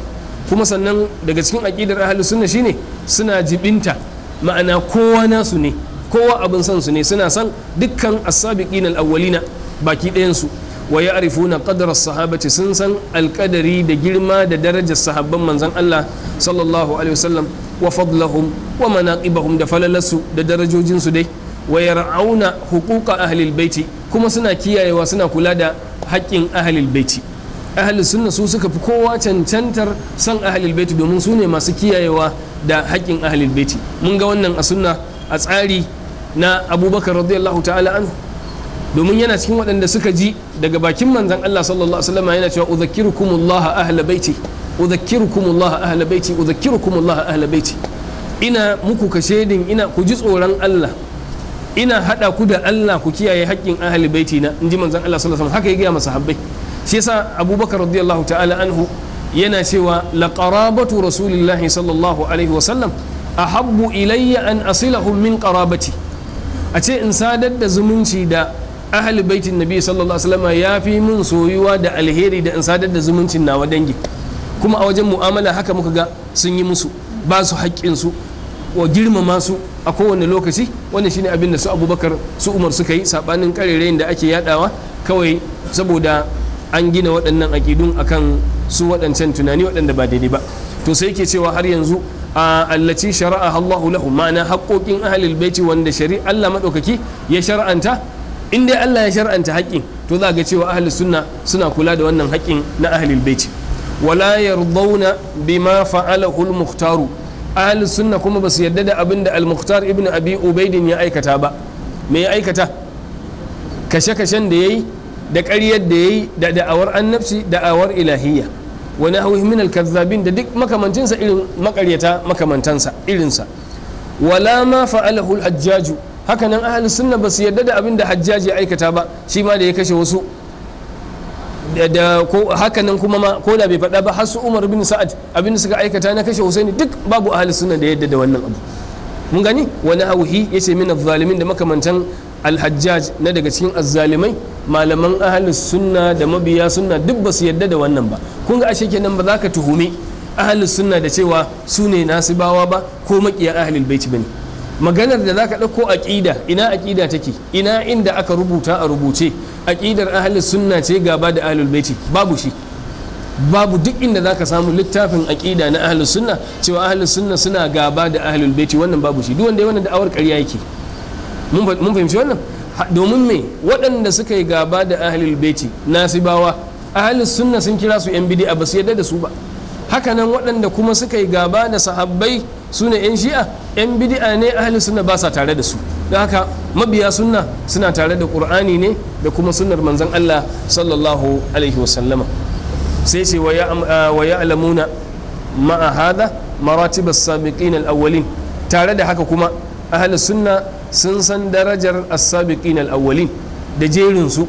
Speaker 1: kuma sannan daga cikin aƙidar ahalil sunna shine suna jibinta ma'ana kowa nasu ne kowa abin san su ne suna san dukkan as-sabiqin al na baki ɗayansu. wa arifu qadra as-sahabati sun san alƙadari da girma da darajar sahabban manzan Allah sallallahu alaihi wasallam wa fadlahum wa manaqibahum da falalarsu da dai wa yar'auna huquqa ahlil baiti kuma suna kiyayewa suna kula da haƙƙin ahlil baiti ahli sunna su suka fi kowa cancantar san ahlil baiti domin su ne masu kiyayewa da haƙƙin ahlil baiti mun ga wannan a sunna a tsari na abubakar radiyallahu ta'ala anhu domin yana cikin waɗanda suka ji daga bakin manzan Allah sallallahu alaihi wasallam yana cewa udhakkirukumullah ahla baiti udhakkirukumullah ahla baiti udhakkirukumullah ahla baiti ina muku kashedin ina ku ji tsoron Allah ina hada ku da Allah ku kiyaye haƙƙin ahli baiti na inji manzan Allah sallallahu alaihi wasallam haka ya gaya masahabbai shi yasa Abubakar radiyallahu ta'ala anhu yana cewa laqarabatu rasulillahi sallallahu alaihi wasallam ahabbu ilayya an asilahum min qarabati a ce in sadar da zumunci da ahli baitin nabi sallallahu alaihi wasallam ya fi mun soyuwa da alheri da in sadar da zumuncin nawa dangi kuma a wajen mu'amala haka muka ga sun yi musu ba su su wa girmama su a kowane lokaci wanda shine abin da su abubakar su umar suka yi sabanin karerayin da ake yadawa kawai saboda an gina waɗannan aƙidun akan su waɗancan tunani waɗanda ba daidai ba to sai yake cewa har yanzu a allaci shari'a Allahu lahu ma'ana haƙoƙin ahlul baiti wanda shari'a Allah madaukaki ya shar'anta in dai Allah ya shar'anta haƙƙin to za ga cewa ahli sunna suna kula da wannan haƙƙin na ahlul bait wala yardawna bima fa'alahu al-mukhtar ahli sunna kuma basu yarda da abin da al-mukhtar ibn abi ubaidin ya aikata ba me ya aikata kashe-kashen da yayi da ƙaryar da yayi da da'awar annabci da'awar ilahiyya wa nahwihi min al-kazzabin da duk makamancinsa irin makaryata makamantansa irinsa wala ma fa'alahu al-hajjaju hakanan ahalin sunna ba su yarda da abin da hajjaji aikata ba shi ma da ya kashe wasu da hakanan kuma ma ko da bai fada ba har su umar bin sa'ad abin da suka aikata na kashe husaini duk babu ahalin sunna da yarda da wannan abu mun gani wani hauhi ya ce mina zalimin da makamantan alhajjaj na daga cikin azzalimai malaman ahalin sunna da mabiya sunna duk ba su yarda da wannan ba kun ga ashe kenan ba za ka tuhumi ahalin sunna da cewa su ne nasibawa ba ko makiya bai baiti bane maganar da zaka ɗauko aƙida ina aƙida take ina inda aka rubuta a rubuce aƙidar ahli sunna ce gaba da ahlul baiti babu shi babu duk inda zaka samu littafin aƙida na ahlus sunna cewa ahlus sunna suna gaba da ahlul baiti wannan babu shi duk wanda ya wannan da'awar ƙarya yake mun fahimci wannan domin me waɗanda suka yi gaba da ahlul baiti nasibawa ahlus sunna sun kira su yan bid'a ba su yadda da su ba hakanan waɗanda kuma suka yi gaba da sahabbai su ne yan shi'a yan bidia ne ahli sunna ba sa tare da su don haka mabiya sunna suna tare da qur'ani ne da kuma sunnar manzon Allah sallallahu alaihi wasallama sai ce wa ya'lamuna ma'a hadha maratib as-sabiqin al-awwalin tare da haka kuma ahli sunna sun san darajar as-sabiqin al-awwalin da jerin su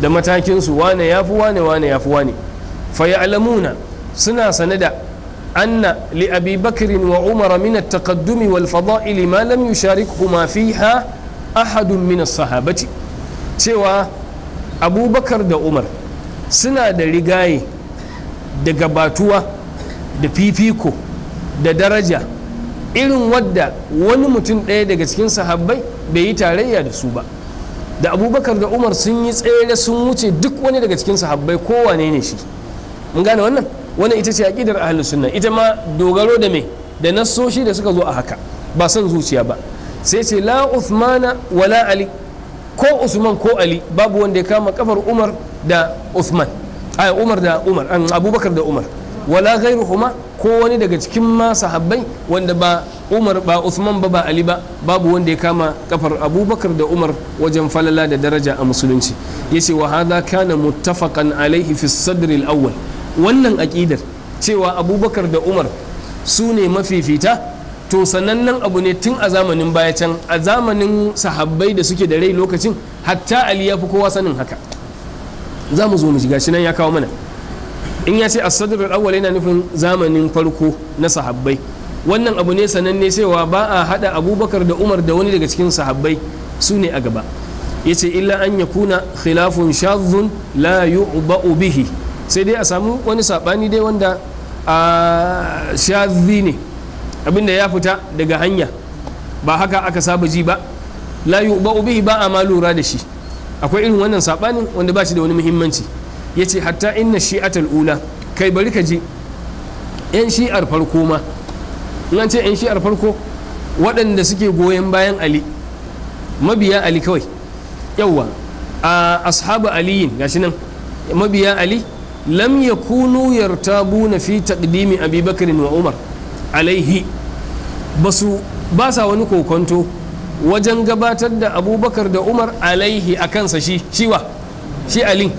Speaker 1: da matakin su wane yafi wane wane yafi wane fa ya'lamuna suna sane da أن لأبي بكر وعمر من التقدم والفضائل ما لم يشاركهما فيها أحد من الصحابة سوى أبو بكر دا عمر سنة دا رقاي دا قباتوة دا فيفيكو دا درجة irin wadda wani mutum ɗaya daga cikin sahabbai bai yi tarayya da su ba da abubakar da umar sun yi tsere sun wuce duk wani daga cikin sahabbai kowane ne shi mun gane wannan wannan ita ce aqidar ahlus sunna ita ma dogaro da me da nassoshi da suka zo a haka ba son zuciya ba sai ce la uthmana wala ali ko usman ko ali babu wanda ya kama kafar umar da usman ai umar da umar an abubakar da umar wala ghairuhuma ko wani daga cikin ma sahabbai wanda ba umar ba usman ba ba ali ba babu wanda ya kama kafar abubakar da umar wajen falala da daraja a musulunci yace wa hadha kana muttafaqan alaihi fi sadr al-awwal wannan aƙidar cewa abubakar da umar su ne mafifita to sanannen abu ne tun a zamanin baya can a zamanin sahabbai da suke da rai lokacin hatta ali ya fi kowa sanin haka za mu zo mu shiga shi nan ya kawo mana in ya ce asadar sadr yana nufin zamanin farko na sahabbai wannan abu ne sananne cewa ba a hada abubakar da umar da wani daga cikin sahabbai su ne a gaba yace illa an yakuna khilafun shadhun la yu'ba'u bihi sai dai a samu wani sabani dai wanda a shazi ne abinda ya fita daga hanya ba haka aka saba ji ba layu ba ubi ba a ma lura da shi akwai irin wannan saɓanin wanda ba shi da wani muhimmanci ya ce hatta shi a ula kai bari ka ji yan shi'ar farko ma in ce yan shi'ar farko waɗanda suke goyon bayan ali mabiya ali kawai yawwa a ashabu aliyin gashi nan mabiya ali lam ta yartabuna fi taqdimi abi bakr wa umar alaihi basu ba sa wani kokonto wajen gabatar da abubakar da umar alaihi a kansa shi shiwa shi ali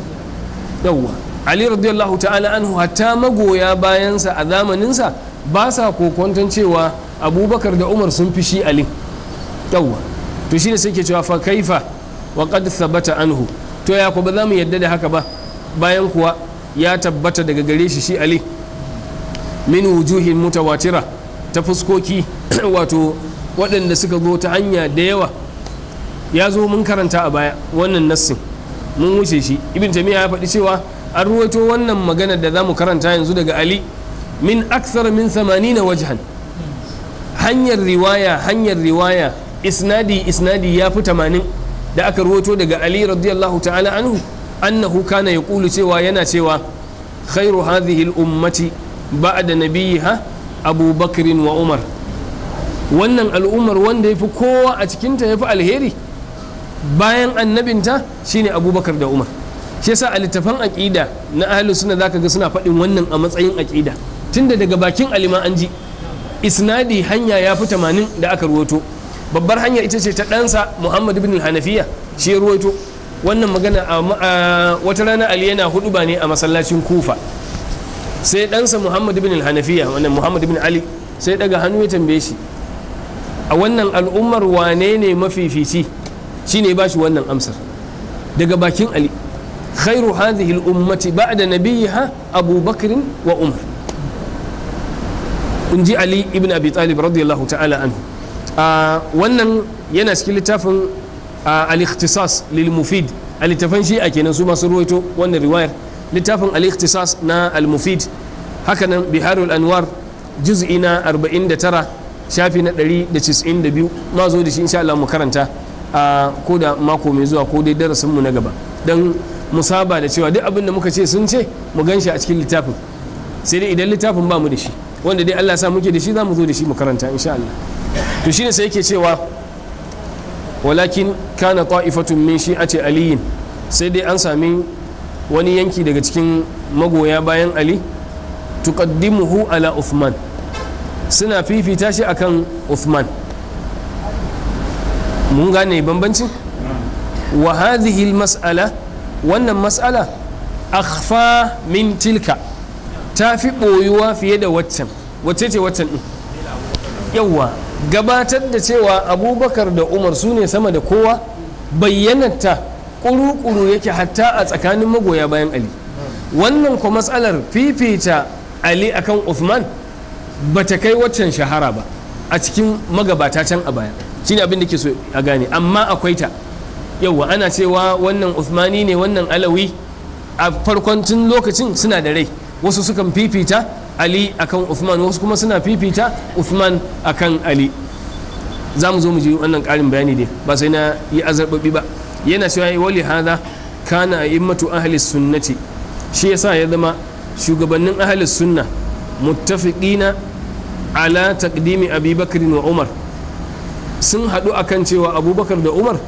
Speaker 1: yawwa ali radiyallahu ta'ala anhu hatta magoya bayansa a zamaninsa ba sa kokonton cewa abubakar da umar sun fi shi ali yawwa to shi ne suke cewa fa kaifa wa qad thabata anhu to ya ku ba za mu yadda da haka ba bayan kuwa ya tabbata daga gare shi shi ali min wujuhin mutawatira ta fuskoki wato waɗanda suka zo ta hanya da yawa ya zo mun karanta a baya wannan nassin mun wuce shi ibn jami'a ya faɗi cewa an ruwaito wannan magana da za mu karanta yanzu daga ali min aksar min samani na wajhan hanyar riwaya hanyar riwaya isnadi isnadi ya fi tamanin da aka ruwato daga ali radiyallahu ta'ala anhu annahu kana yaqulu cewa yana cewa khairu hadhihi al-ummati ba'da nabiyha Abu Bakr wa Umar wannan al'ummar wanda ya fi kowa a cikinta yafi alheri bayan annabinta shine Abubakar da Umar shi yasa a littafan aƙida na ahlus suna zaka ga suna faɗin wannan a matsayin aƙida tunda daga bakin alima an ji isnadi hanya ya fi tamanin da aka ruwato babbar hanya ita ce ta ɗansa Muhammad ibn hanafiya shi ruwaito wannan magana a wata rana ali yana hudu ba ne a masallacin kufa sai ɗansa muhammad ibn hanafiya wannan muhammad ibn ali sai daga hannu ya tambaye shi a wannan al'ummar wane ne mafifici shine ba shi wannan amsar daga bakin ali khairu hadhihi al-ummati ba'da nabiyha abu bakr wa umar in ji ali ibn abi talib radiyallahu ta'ala anhu wannan yana cikin littafin al-ikhtisas lil mufid a littafan shi a kenan su masu ruwaito wannan riwayar littafin al-ikhtisas na al-mufid hakanan biharul anwar juz'i na 49 shafi na 192 ma zo da shi insha Allah mu karanta a ko da mako mai zuwa ko dai darasin mu na gaba dan saba da cewa duk abin da muka ce sun ce mu ganshi a cikin littafin sai dai idan littafin ba mu da shi wanda dai Allah sa muke da shi za mu zo da shi mu karanta insha Allah to shine sai yake cewa walakin kana ta'ifatun min shi'ati aliyin sai dai an sami wani yanki daga cikin magoya bayan ali tuqaddimuhu ala uthman suna fifita shi akan uthman mun gane bambancin wa hadhihi mas'ala wannan mas'ala akhfa min tilka ta fi boyuwa fiye da waccan wacce ce waccan din yawwa gabatar da cewa abubakar da umar su ne sama da kowa bayyananta kuru-kuru yake hatta a tsakanin magoya bayan ali wannan kuma matsalar fifita ali akan uthman ba ta kai waccan shahara ba a cikin magabata can a baya shine abin da ke so a gane amma akwai ta yauwa ana cewa wannan uthmani ne wannan alawi a farkon tun lokacin suna da rai wasu sukan fifita ali akan uthman wasu kuma suna fifita uthman akan ali za mu zo mu ji wannan karin bayani dai ba sai na yi azarbabi ba yana cewa ya wali hada kana a immatu ahli sunnati shi yasa ya zama shugabannin ahli sunna muttafiqina ala taqdimi abubakar wa umar sun haɗu akan cewa abubakar da umar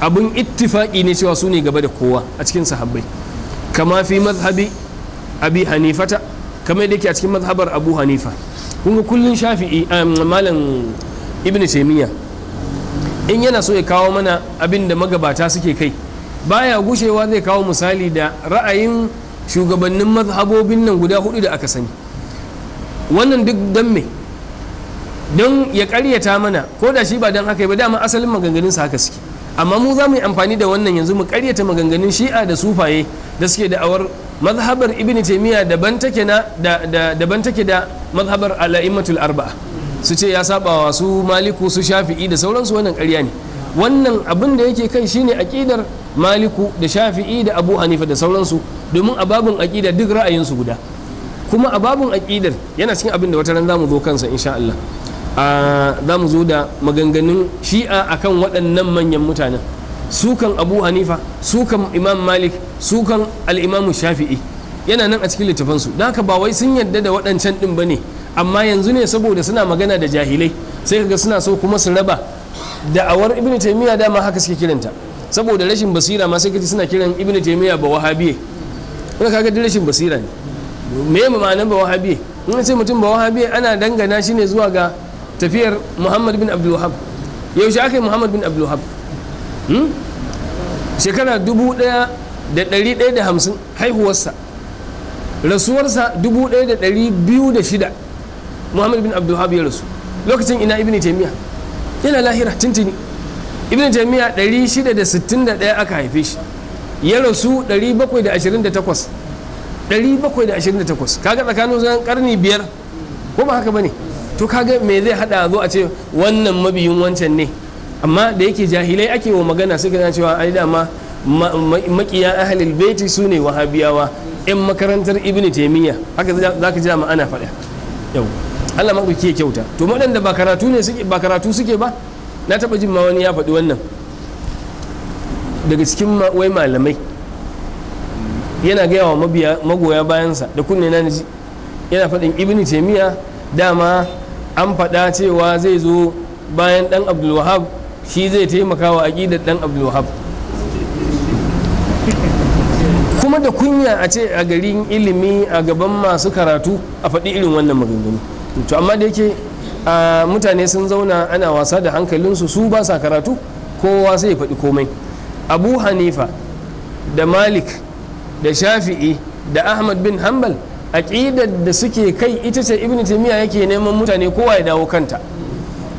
Speaker 1: abun ittifaƙi ne cewa su ne gaba da kowa a cikin sahabbai kama fi mazhabi abi hanifata kamar yadda yake a cikin mazhabar abu hanifa kun kullum kullun shafi'i malam ibn taymiya in yana so ya kawo mana abin da magabata suke kai baya gushewa zai kawo misali da ra'ayin shugabannin mazhabobin nan guda hudu da aka sani wannan duk don me don ya karyata mana ko da shi ba don haka ba dama asalin maganganun sa haka suke amma mu za mu yi amfani da wannan yanzu mu karyata maganganun shi'a da sufaye da suke da'awar mazhabar ibn taimiyya daban take da mazhabar ala'immatul arba'a su ce ya sabawa su maliku su shafi'i da sauransu wannan karya ne wannan abin da yake kai shine aƙidar maliku da shafi'i da abu hanifa da sauransu domin a babin aƙida duk ra'ayinsu guda kuma a babu aƙidar yana cikin abin da wata ran zamu zo kansa insha Allah ah, za mu zo da maganganun shi'a akan waɗannan manyan mutanen sukan abu hanifa sukan imam malik sukan al'imamu shafi'i yana nan a cikin littafansu don haka ba wai sun yadda da waɗancan ɗin ba ne amma yanzu ne saboda suna magana da jahilai sai kaga suna so kuma su raba da'awar ibn taymiya dama haka suke kiranta saboda rashin basira ma sai kaji suna kiran ibn taymiya ba wahabiye kuma kaga duk rashin basira ne me ma ma'anar ba wahabiye in sai mutum ba wahabiye ana dangana shi ne zuwa ga tafiyar muhammad bin abdul wahab yaushe aka yi muhammad bin abdul wahab Hmm? shekara dubu da da hamsin haihuwarsa rasuwarsa dubu ɗaya da biyu da shida muhammad bin abdulhab ya rasu lokacin ina ibn taimiyya yana lahira tintini ibn taimiyya 661 shida da sittin da aka haife shi ya rasu 728 bakwai da ashirin da takwas bakwai da ashirin da takwas kaga tsakanin zan karni biyar ko ba haka ba ne to kaga me zai hada zo a ce wannan mabiyin wancan ne amma da yake jahilai ake wa magana suka zan cewa ai dama makiya ahlul baiti su ne wahabiyawa yan makarantar ibn taimiyya haka za ka ji ma ana faɗa yau Allah ma ke kyauta to waɗanda ba karatu ne suke ba karatu suke ba na taɓa jin ma wani ya faɗi wannan daga cikin wai malamai yana gaya wa mabiya magoya bayansa da kunne na ji yana faɗin ibn taimiyya dama an faɗa cewa zai zo bayan ɗan abdulwahab shi zai taimaka wa aƙidar ɗan abdulwahab kuma da kunya a ce a garin ilimi a gaban masu karatu a faɗi irin wannan maganganu to amma da yake mutane sun zauna ana wasa da hankalinsu su ba sa karatu kowa sai ya faɗi komai abu hanifa da malik da shafi'i da ahmad bin hanbal aƙidar da suke kai ita ce ibn taimiyya yake neman mutane kowa ya dawo kanta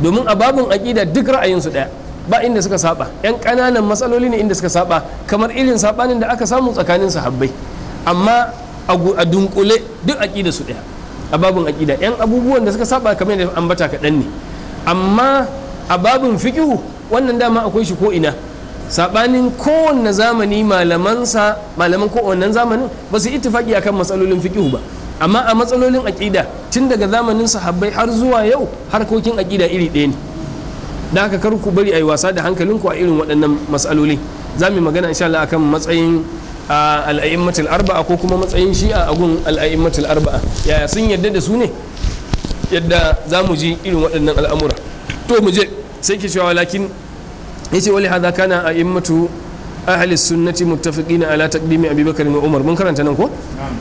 Speaker 1: domin a babin aƙida duk ra'ayinsu ɗaya ba inda suka saba yan kananan matsaloli ne inda suka saba kamar irin sabanin da aka samu tsakanin sahabbai amma a dunkule duk aƙida su ɗaya a babin aƙida yan abubuwan da suka saba kamar da ambata kaɗan ne amma a babun fikihu wannan dama akwai shi ko ina sabanin kowanne zamani malamansa malaman kowannen zamanin ba su ittifaki akan matsalolin fikihu ba amma a matsalolin aƙida tun daga zamanin sahabbai har zuwa yau harkokin aƙida iri ɗaya ne da haka karku ku bari a yi wasa da hankalinku a irin waɗannan matsaloli za mu magana insha Allah akan matsayin al'a'immatul arba'a ko kuma matsayin shi'a a gun al'a'immatul arba'a yaya sun yadda da su ne yadda za mu ji irin waɗannan al'amura to mu je sai ke cewa lakin ce wali hada kana a'immatu ahli sunnati muttafiqina ala taqdimi abi bakr wa umar mun karanta nan ko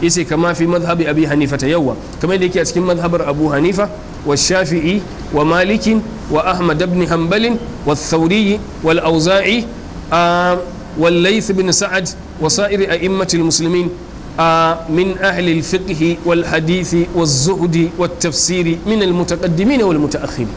Speaker 1: ce kama fi madhhabi abi hanifa ta yawa kamar da yake a cikin madhhabar abu hanifa wa shafi'i wa malikin wa ahmad abni hambalin wa thauri wal auza'i wal layth bin sa'ad wa sa'iri a'immatil muslimin من أهل الفقه والحديث والزهد والتفسير من المتقدمين والمتأخرين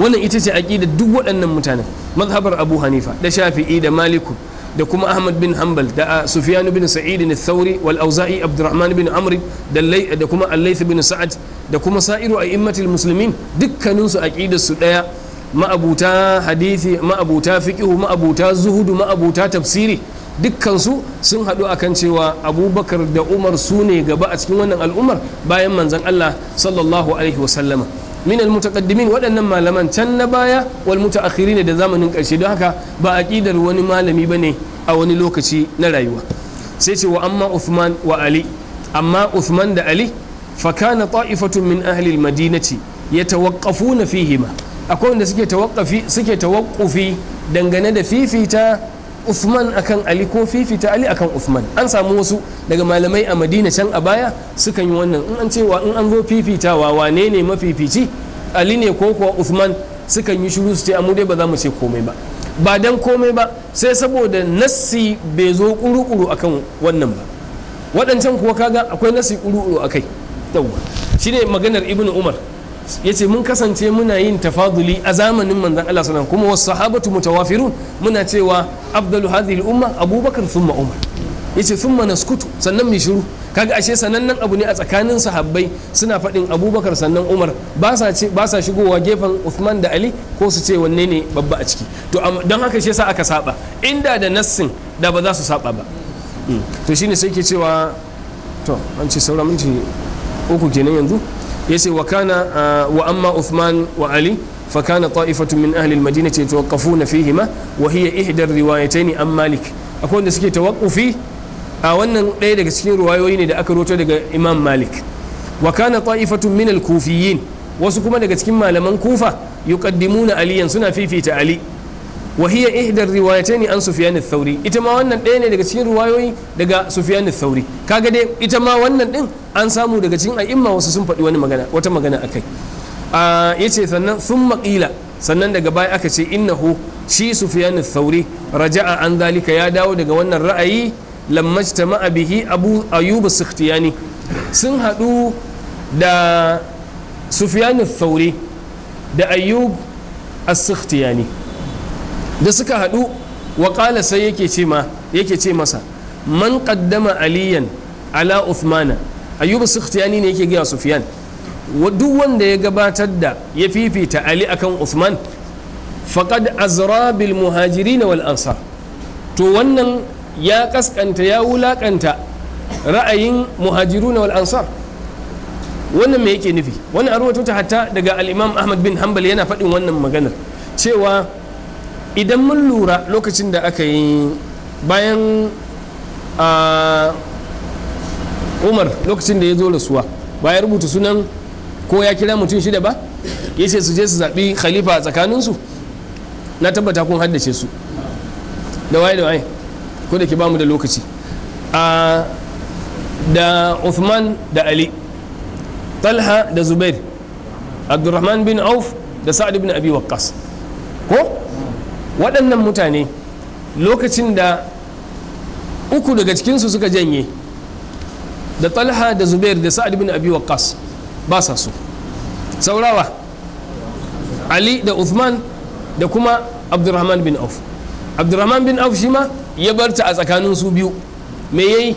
Speaker 1: wannan ita ce aƙidar duk waɗannan mutanen mazhabar abu hanifa da shafi'i da maliku da kuma ahmad bin hanbal da sufyan bin sa'id bin thauri wal auza'i abdurrahman bin amr da kuma al-layth bin sa'ad da kuma sa'iru a'immatul muslimin dukkanin su aqidar su daya ma'abuta hadithi ma'abuta fiqhu ma'abuta zuhudu ma'abuta tafsiri dukkansu sun haɗu akan cewa abubakar da umar su ne gaba a cikin wannan al'ummar bayan manzon allah sallallahu alaihi sallama. min almutaqaddimin waɗannan malaman can na baya wal ne da zamanin ƙarshe don haka ba aqidar wani malami ba ne a wani lokaci na rayuwa sai ce wa amma usman wa Ali amma usman da Ali fa kana ta'ifatun min ahli almadinati yatawaqqafuna fihima akwai wanda suke tawaqqufi suke tawaqqufi dangane da fifita Uthman akan Ali ko fifita Ali akan Uthman an samu wasu daga malamai a Madina can a baya sukan yi wannan in an cewa in an zo fifitawa wane ne mafifici Ali ne ko kuwa Uthman sukan yi shiru su ce amma dai ba za mu ce komai ba ba dan komai ba sai saboda nassi bai zo kuru-kuru akan wannan ba waɗancan kuwa kaga akwai nassi kuru-kuru akai yawwa shine maganar Ibn Umar yace mun kasance muna yin tafaduli a zamanin manzan Allah sallam kuma wasu sahabatu mutawafirun muna cewa abdalu hadhihi umma abubakar thumma umar yace thumma naskutu sannan mai shiru kaga ashe sanannen abu ne a tsakanin sahabbai suna faɗin abubakar sannan umar ba sa shigowa gefen uthman da ali ko su ce wanne ne babba a ciki to don haka shi sa aka saba inda da nassin da ba za su saba ba hmm. to shine sai ke cewa to an ce saura minti uku kenan yanzu yace wa kana wa amma Uthman wa Ali fa kana ta'ifatu min ahli al-Madina yatawaqqafuna fihima wa hiya ihda riwayatayn an Malik akwai wanda suke tawaqqufi a wannan ɗaya daga cikin ruwayoyi ne da aka roto daga Imam Malik wa kana ta'ifatu min al-Kufiyyin wasu kuma daga cikin malaman Kufa yuqaddimuna aliyan suna fifita Ali wa hiya ihdar riwayataini an sufyan thauri ita ma wannan ɗaya ne daga cikin riwayoyi daga sufyan thauri kaga dai ita ma wannan din an samu daga cikin a'imma wasu sun faɗi wani magana wata magana akai a yace sannan thumma qila sannan daga baya aka ce innahu shi sufyan thauri raja'a an zalika ya dawo daga wannan ra'ayi lamma jtama'a bihi abu ayyub sun haɗu da sufyan sauri da ayyub as-sikhtiyani da suka haɗu waƙala sai yake ce masa man qaddama aliyan ala uthmana ayyubu sikhtiyani ne yake gaya sufiyan duk wanda ya gabatar da ya fifita ali akan uthman faqad azra bil muhajirin wal ansar to wannan ya kaskanta ya wulakanta ra'ayin muhajirun wal ansar wannan me yake nufi wannan arwato ta hatta daga al-imam ahmad bin hanbal yana faɗin wannan maganar cewa idan mun lura lokacin da aka yi bayan umar lokacin da ya zo rasuwa ba ya rubuta sunan ko ya kira mutum shida ba ya ce su je su zaɓi khalifa a tsakaninsu na tabbata kun haddace su da waye da waye ko da ke ba mu da lokaci da Uthman da Ali Talha da Zubair abdulrahman bin Auf da Sa'ad bin Abi Waqqas ko waɗannan mutane lokacin da uku daga cikinsu suka janye da talha da zubair da sa'ad bin abi waqqas ba sa su saurawa ali da uthman da kuma abdurrahman bin auf abdurrahman bin auf shi ma ya barta a tsakanin su biyu me yayi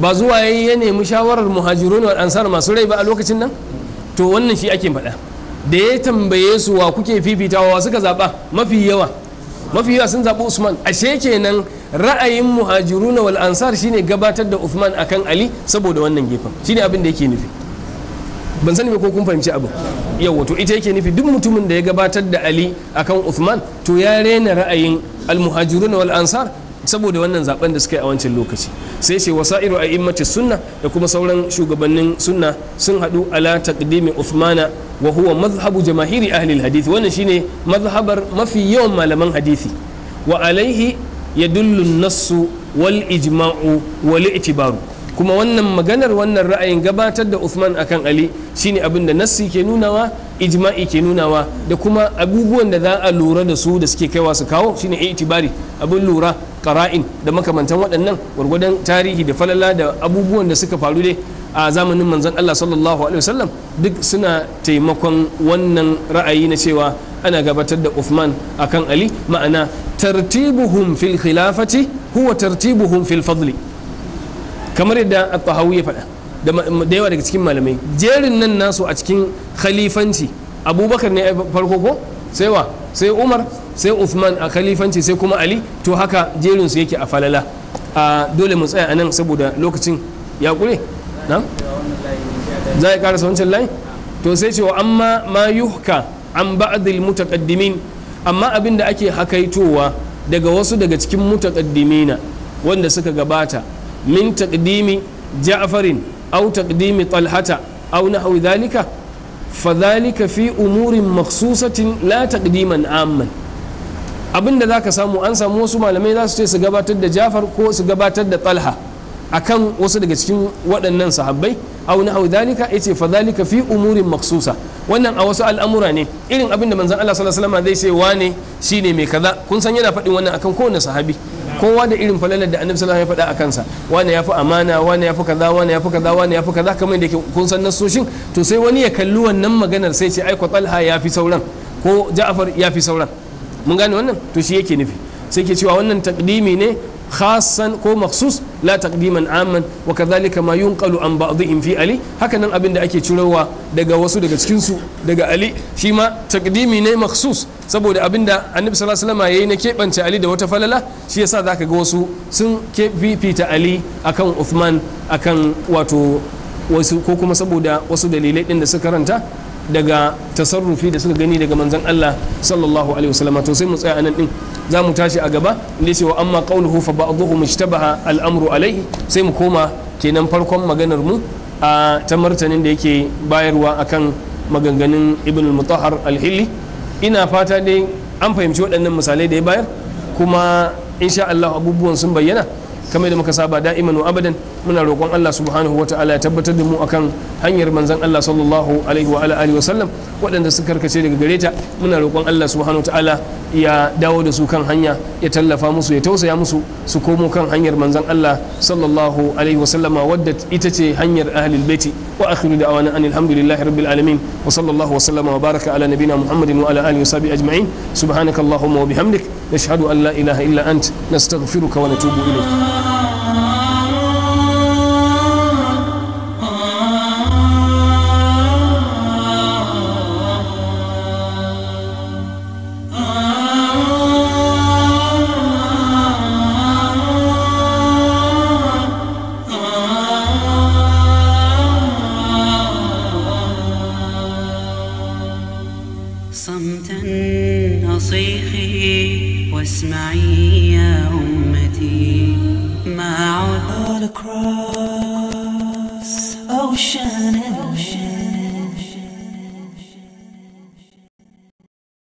Speaker 1: ba zuwa yayi ya nemi shawarar muhajirun wal ansar masu rai ba a lokacin nan to wannan shi ake faɗa da ya tambaye su wa kuke fifitawa suka zaɓa mafi yawa mafi yawa sun zaɓi usman ashe kenan ra'ayin muhajiru wal ansar shine gabatar da usman akan ali saboda wannan gefen shine abin da yake nufi ban sani ko kun fahimci abin yau wato ita yake nufi duk mutumin da ya gabatar da ali akan usman to ya rena ra'ayin almuhajiru wal ansar saboda wannan zaben da suka yi a wancan lokaci sai ce wasa'iru a immati sunna da kuma sauran shugabannin sunna sun haɗu ala taqdimi uthmana wa huwa mazhabu jamahiri ahli hadisi wannan shine mazhabar mafi yawan malaman hadisi wa alaihi yadullu nasu wal ijma'u wal itibaru kuma wannan maganar wannan ra'ayin gabatar da usman akan Ali shine abin da nassi ke nunawa ijma'i ke nunawa da kuma abubuwan da za a lura da su da suke kaiwa su kawo shine itibari abin lura qara'in da makamantan waɗannan wargwadon tarihi da falala da abubuwan da suka faru dai a zamanin manzon Allah sallallahu alaihi wasallam duk suna taimakon wannan ra'ayi na cewa ana gabatar da Uthman akan Ali ma'ana tartibuhum fil khilafati huwa tartibuhum fil fadli kamar yadda at-tahawi ya faɗa da yawa daga cikin malamai jerin nan nasu a cikin khalifanci abubakar ne farko ko sai wa sai umar sai uthman a khalifanci sai kuma ali to haka jerin su yake a falala a dole mu tsaya anan saboda lokacin ya kure na za a ƙarasa wancan layi to sai cewa amma ma yuhka an ba'dil mutaqaddimin amma abin da ake hakaitowa daga wasu daga cikin mutaqaddimina wanda suka gabata min taqdimi ja'farin aw taqdimi talhata aw nahwi dhalika fadhalika fi umurin makhsusatin la taqdiman amman abinda zaka samu an samu wasu malamai za su ce su gabatar da jafar ko su gabatar da talha akan wasu daga cikin waɗannan sahabbai aw dalika dhalika yace fadhalika fi umurin maksusa wannan a wasu al'amura ne irin abinda manzon Allah sallallahu alaihi wasallam zai ce wane shine mai kaza kun san yana faɗin wannan akan kowane sahabi kowa da irin falalar da annabi sallallahu alaihi wasallam ya faɗa a kansa wani ya fi amana wani ya fi kaza wani ya fi kaza wani ya fi kaza kamar da kun san nasoshin to sai wani ya kalli wannan maganar sai ce aiko talha ya fi sauran ko ja'far ya fi sauran mun gane wannan to shi yake nufi sai ke cewa wannan taqdimi ne hasan ko takdiman aman تقديما عاما وكذلك ma yunqalu عن بعضهم fi Ali. hakanan abin da ake cirowa daga wasu daga cikin su daga ali shi ma taqdimi ne makhsus saboda da annabi sallallahu alaihi wasallam yayi na keɓance ali da wata falala shi yasa zaka ga wasu sun ta ali akan uthman akan wato wasu ko kuma saboda wasu dalilai din da suka karanta daga tasarrufi da suka gani daga manzon Allah sallallahu alaihi wasallam to sai mu tsaya anan din za mu tashi a gaba inda ce wa amma qawluhu fa ba'dhuhu mushtabaha al'amru alaihi sai mu koma kenan farkon maganar mu a ta martanin da yake bayarwa akan maganganun ibn al-mutahhar al-hilli ina fata dai an fahimci waɗannan misalai da ya bayar kuma insha Allah abubuwan sun bayyana kamar da muka saba da'iman wa abadan muna roƙon Allah subhanahu wa ta'ala ya tabbatar da mu akan hanyar manzan Allah sallallahu alaihi wa alihi wa sallam waɗanda suka karkace daga gare ta muna roƙon Allah subhanahu wa ta'ala ya dawo da su kan hanya ya tallafa musu ya tausaya musu su komo kan hanyar manzan Allah sallallahu alaihi wa sallama wadda ita ce hanyar ahlul baiti wa akhiru da'wana anil hamdulillahi rabbil alamin wa sallallahu wa sallama wa baraka ala nabina muhammadin wa ala alihi wa sahbihi ajma'in subhanakallahumma wa bihamdik nashhadu an la ilaha illa ant nastaghfiruka wa natubu ilayk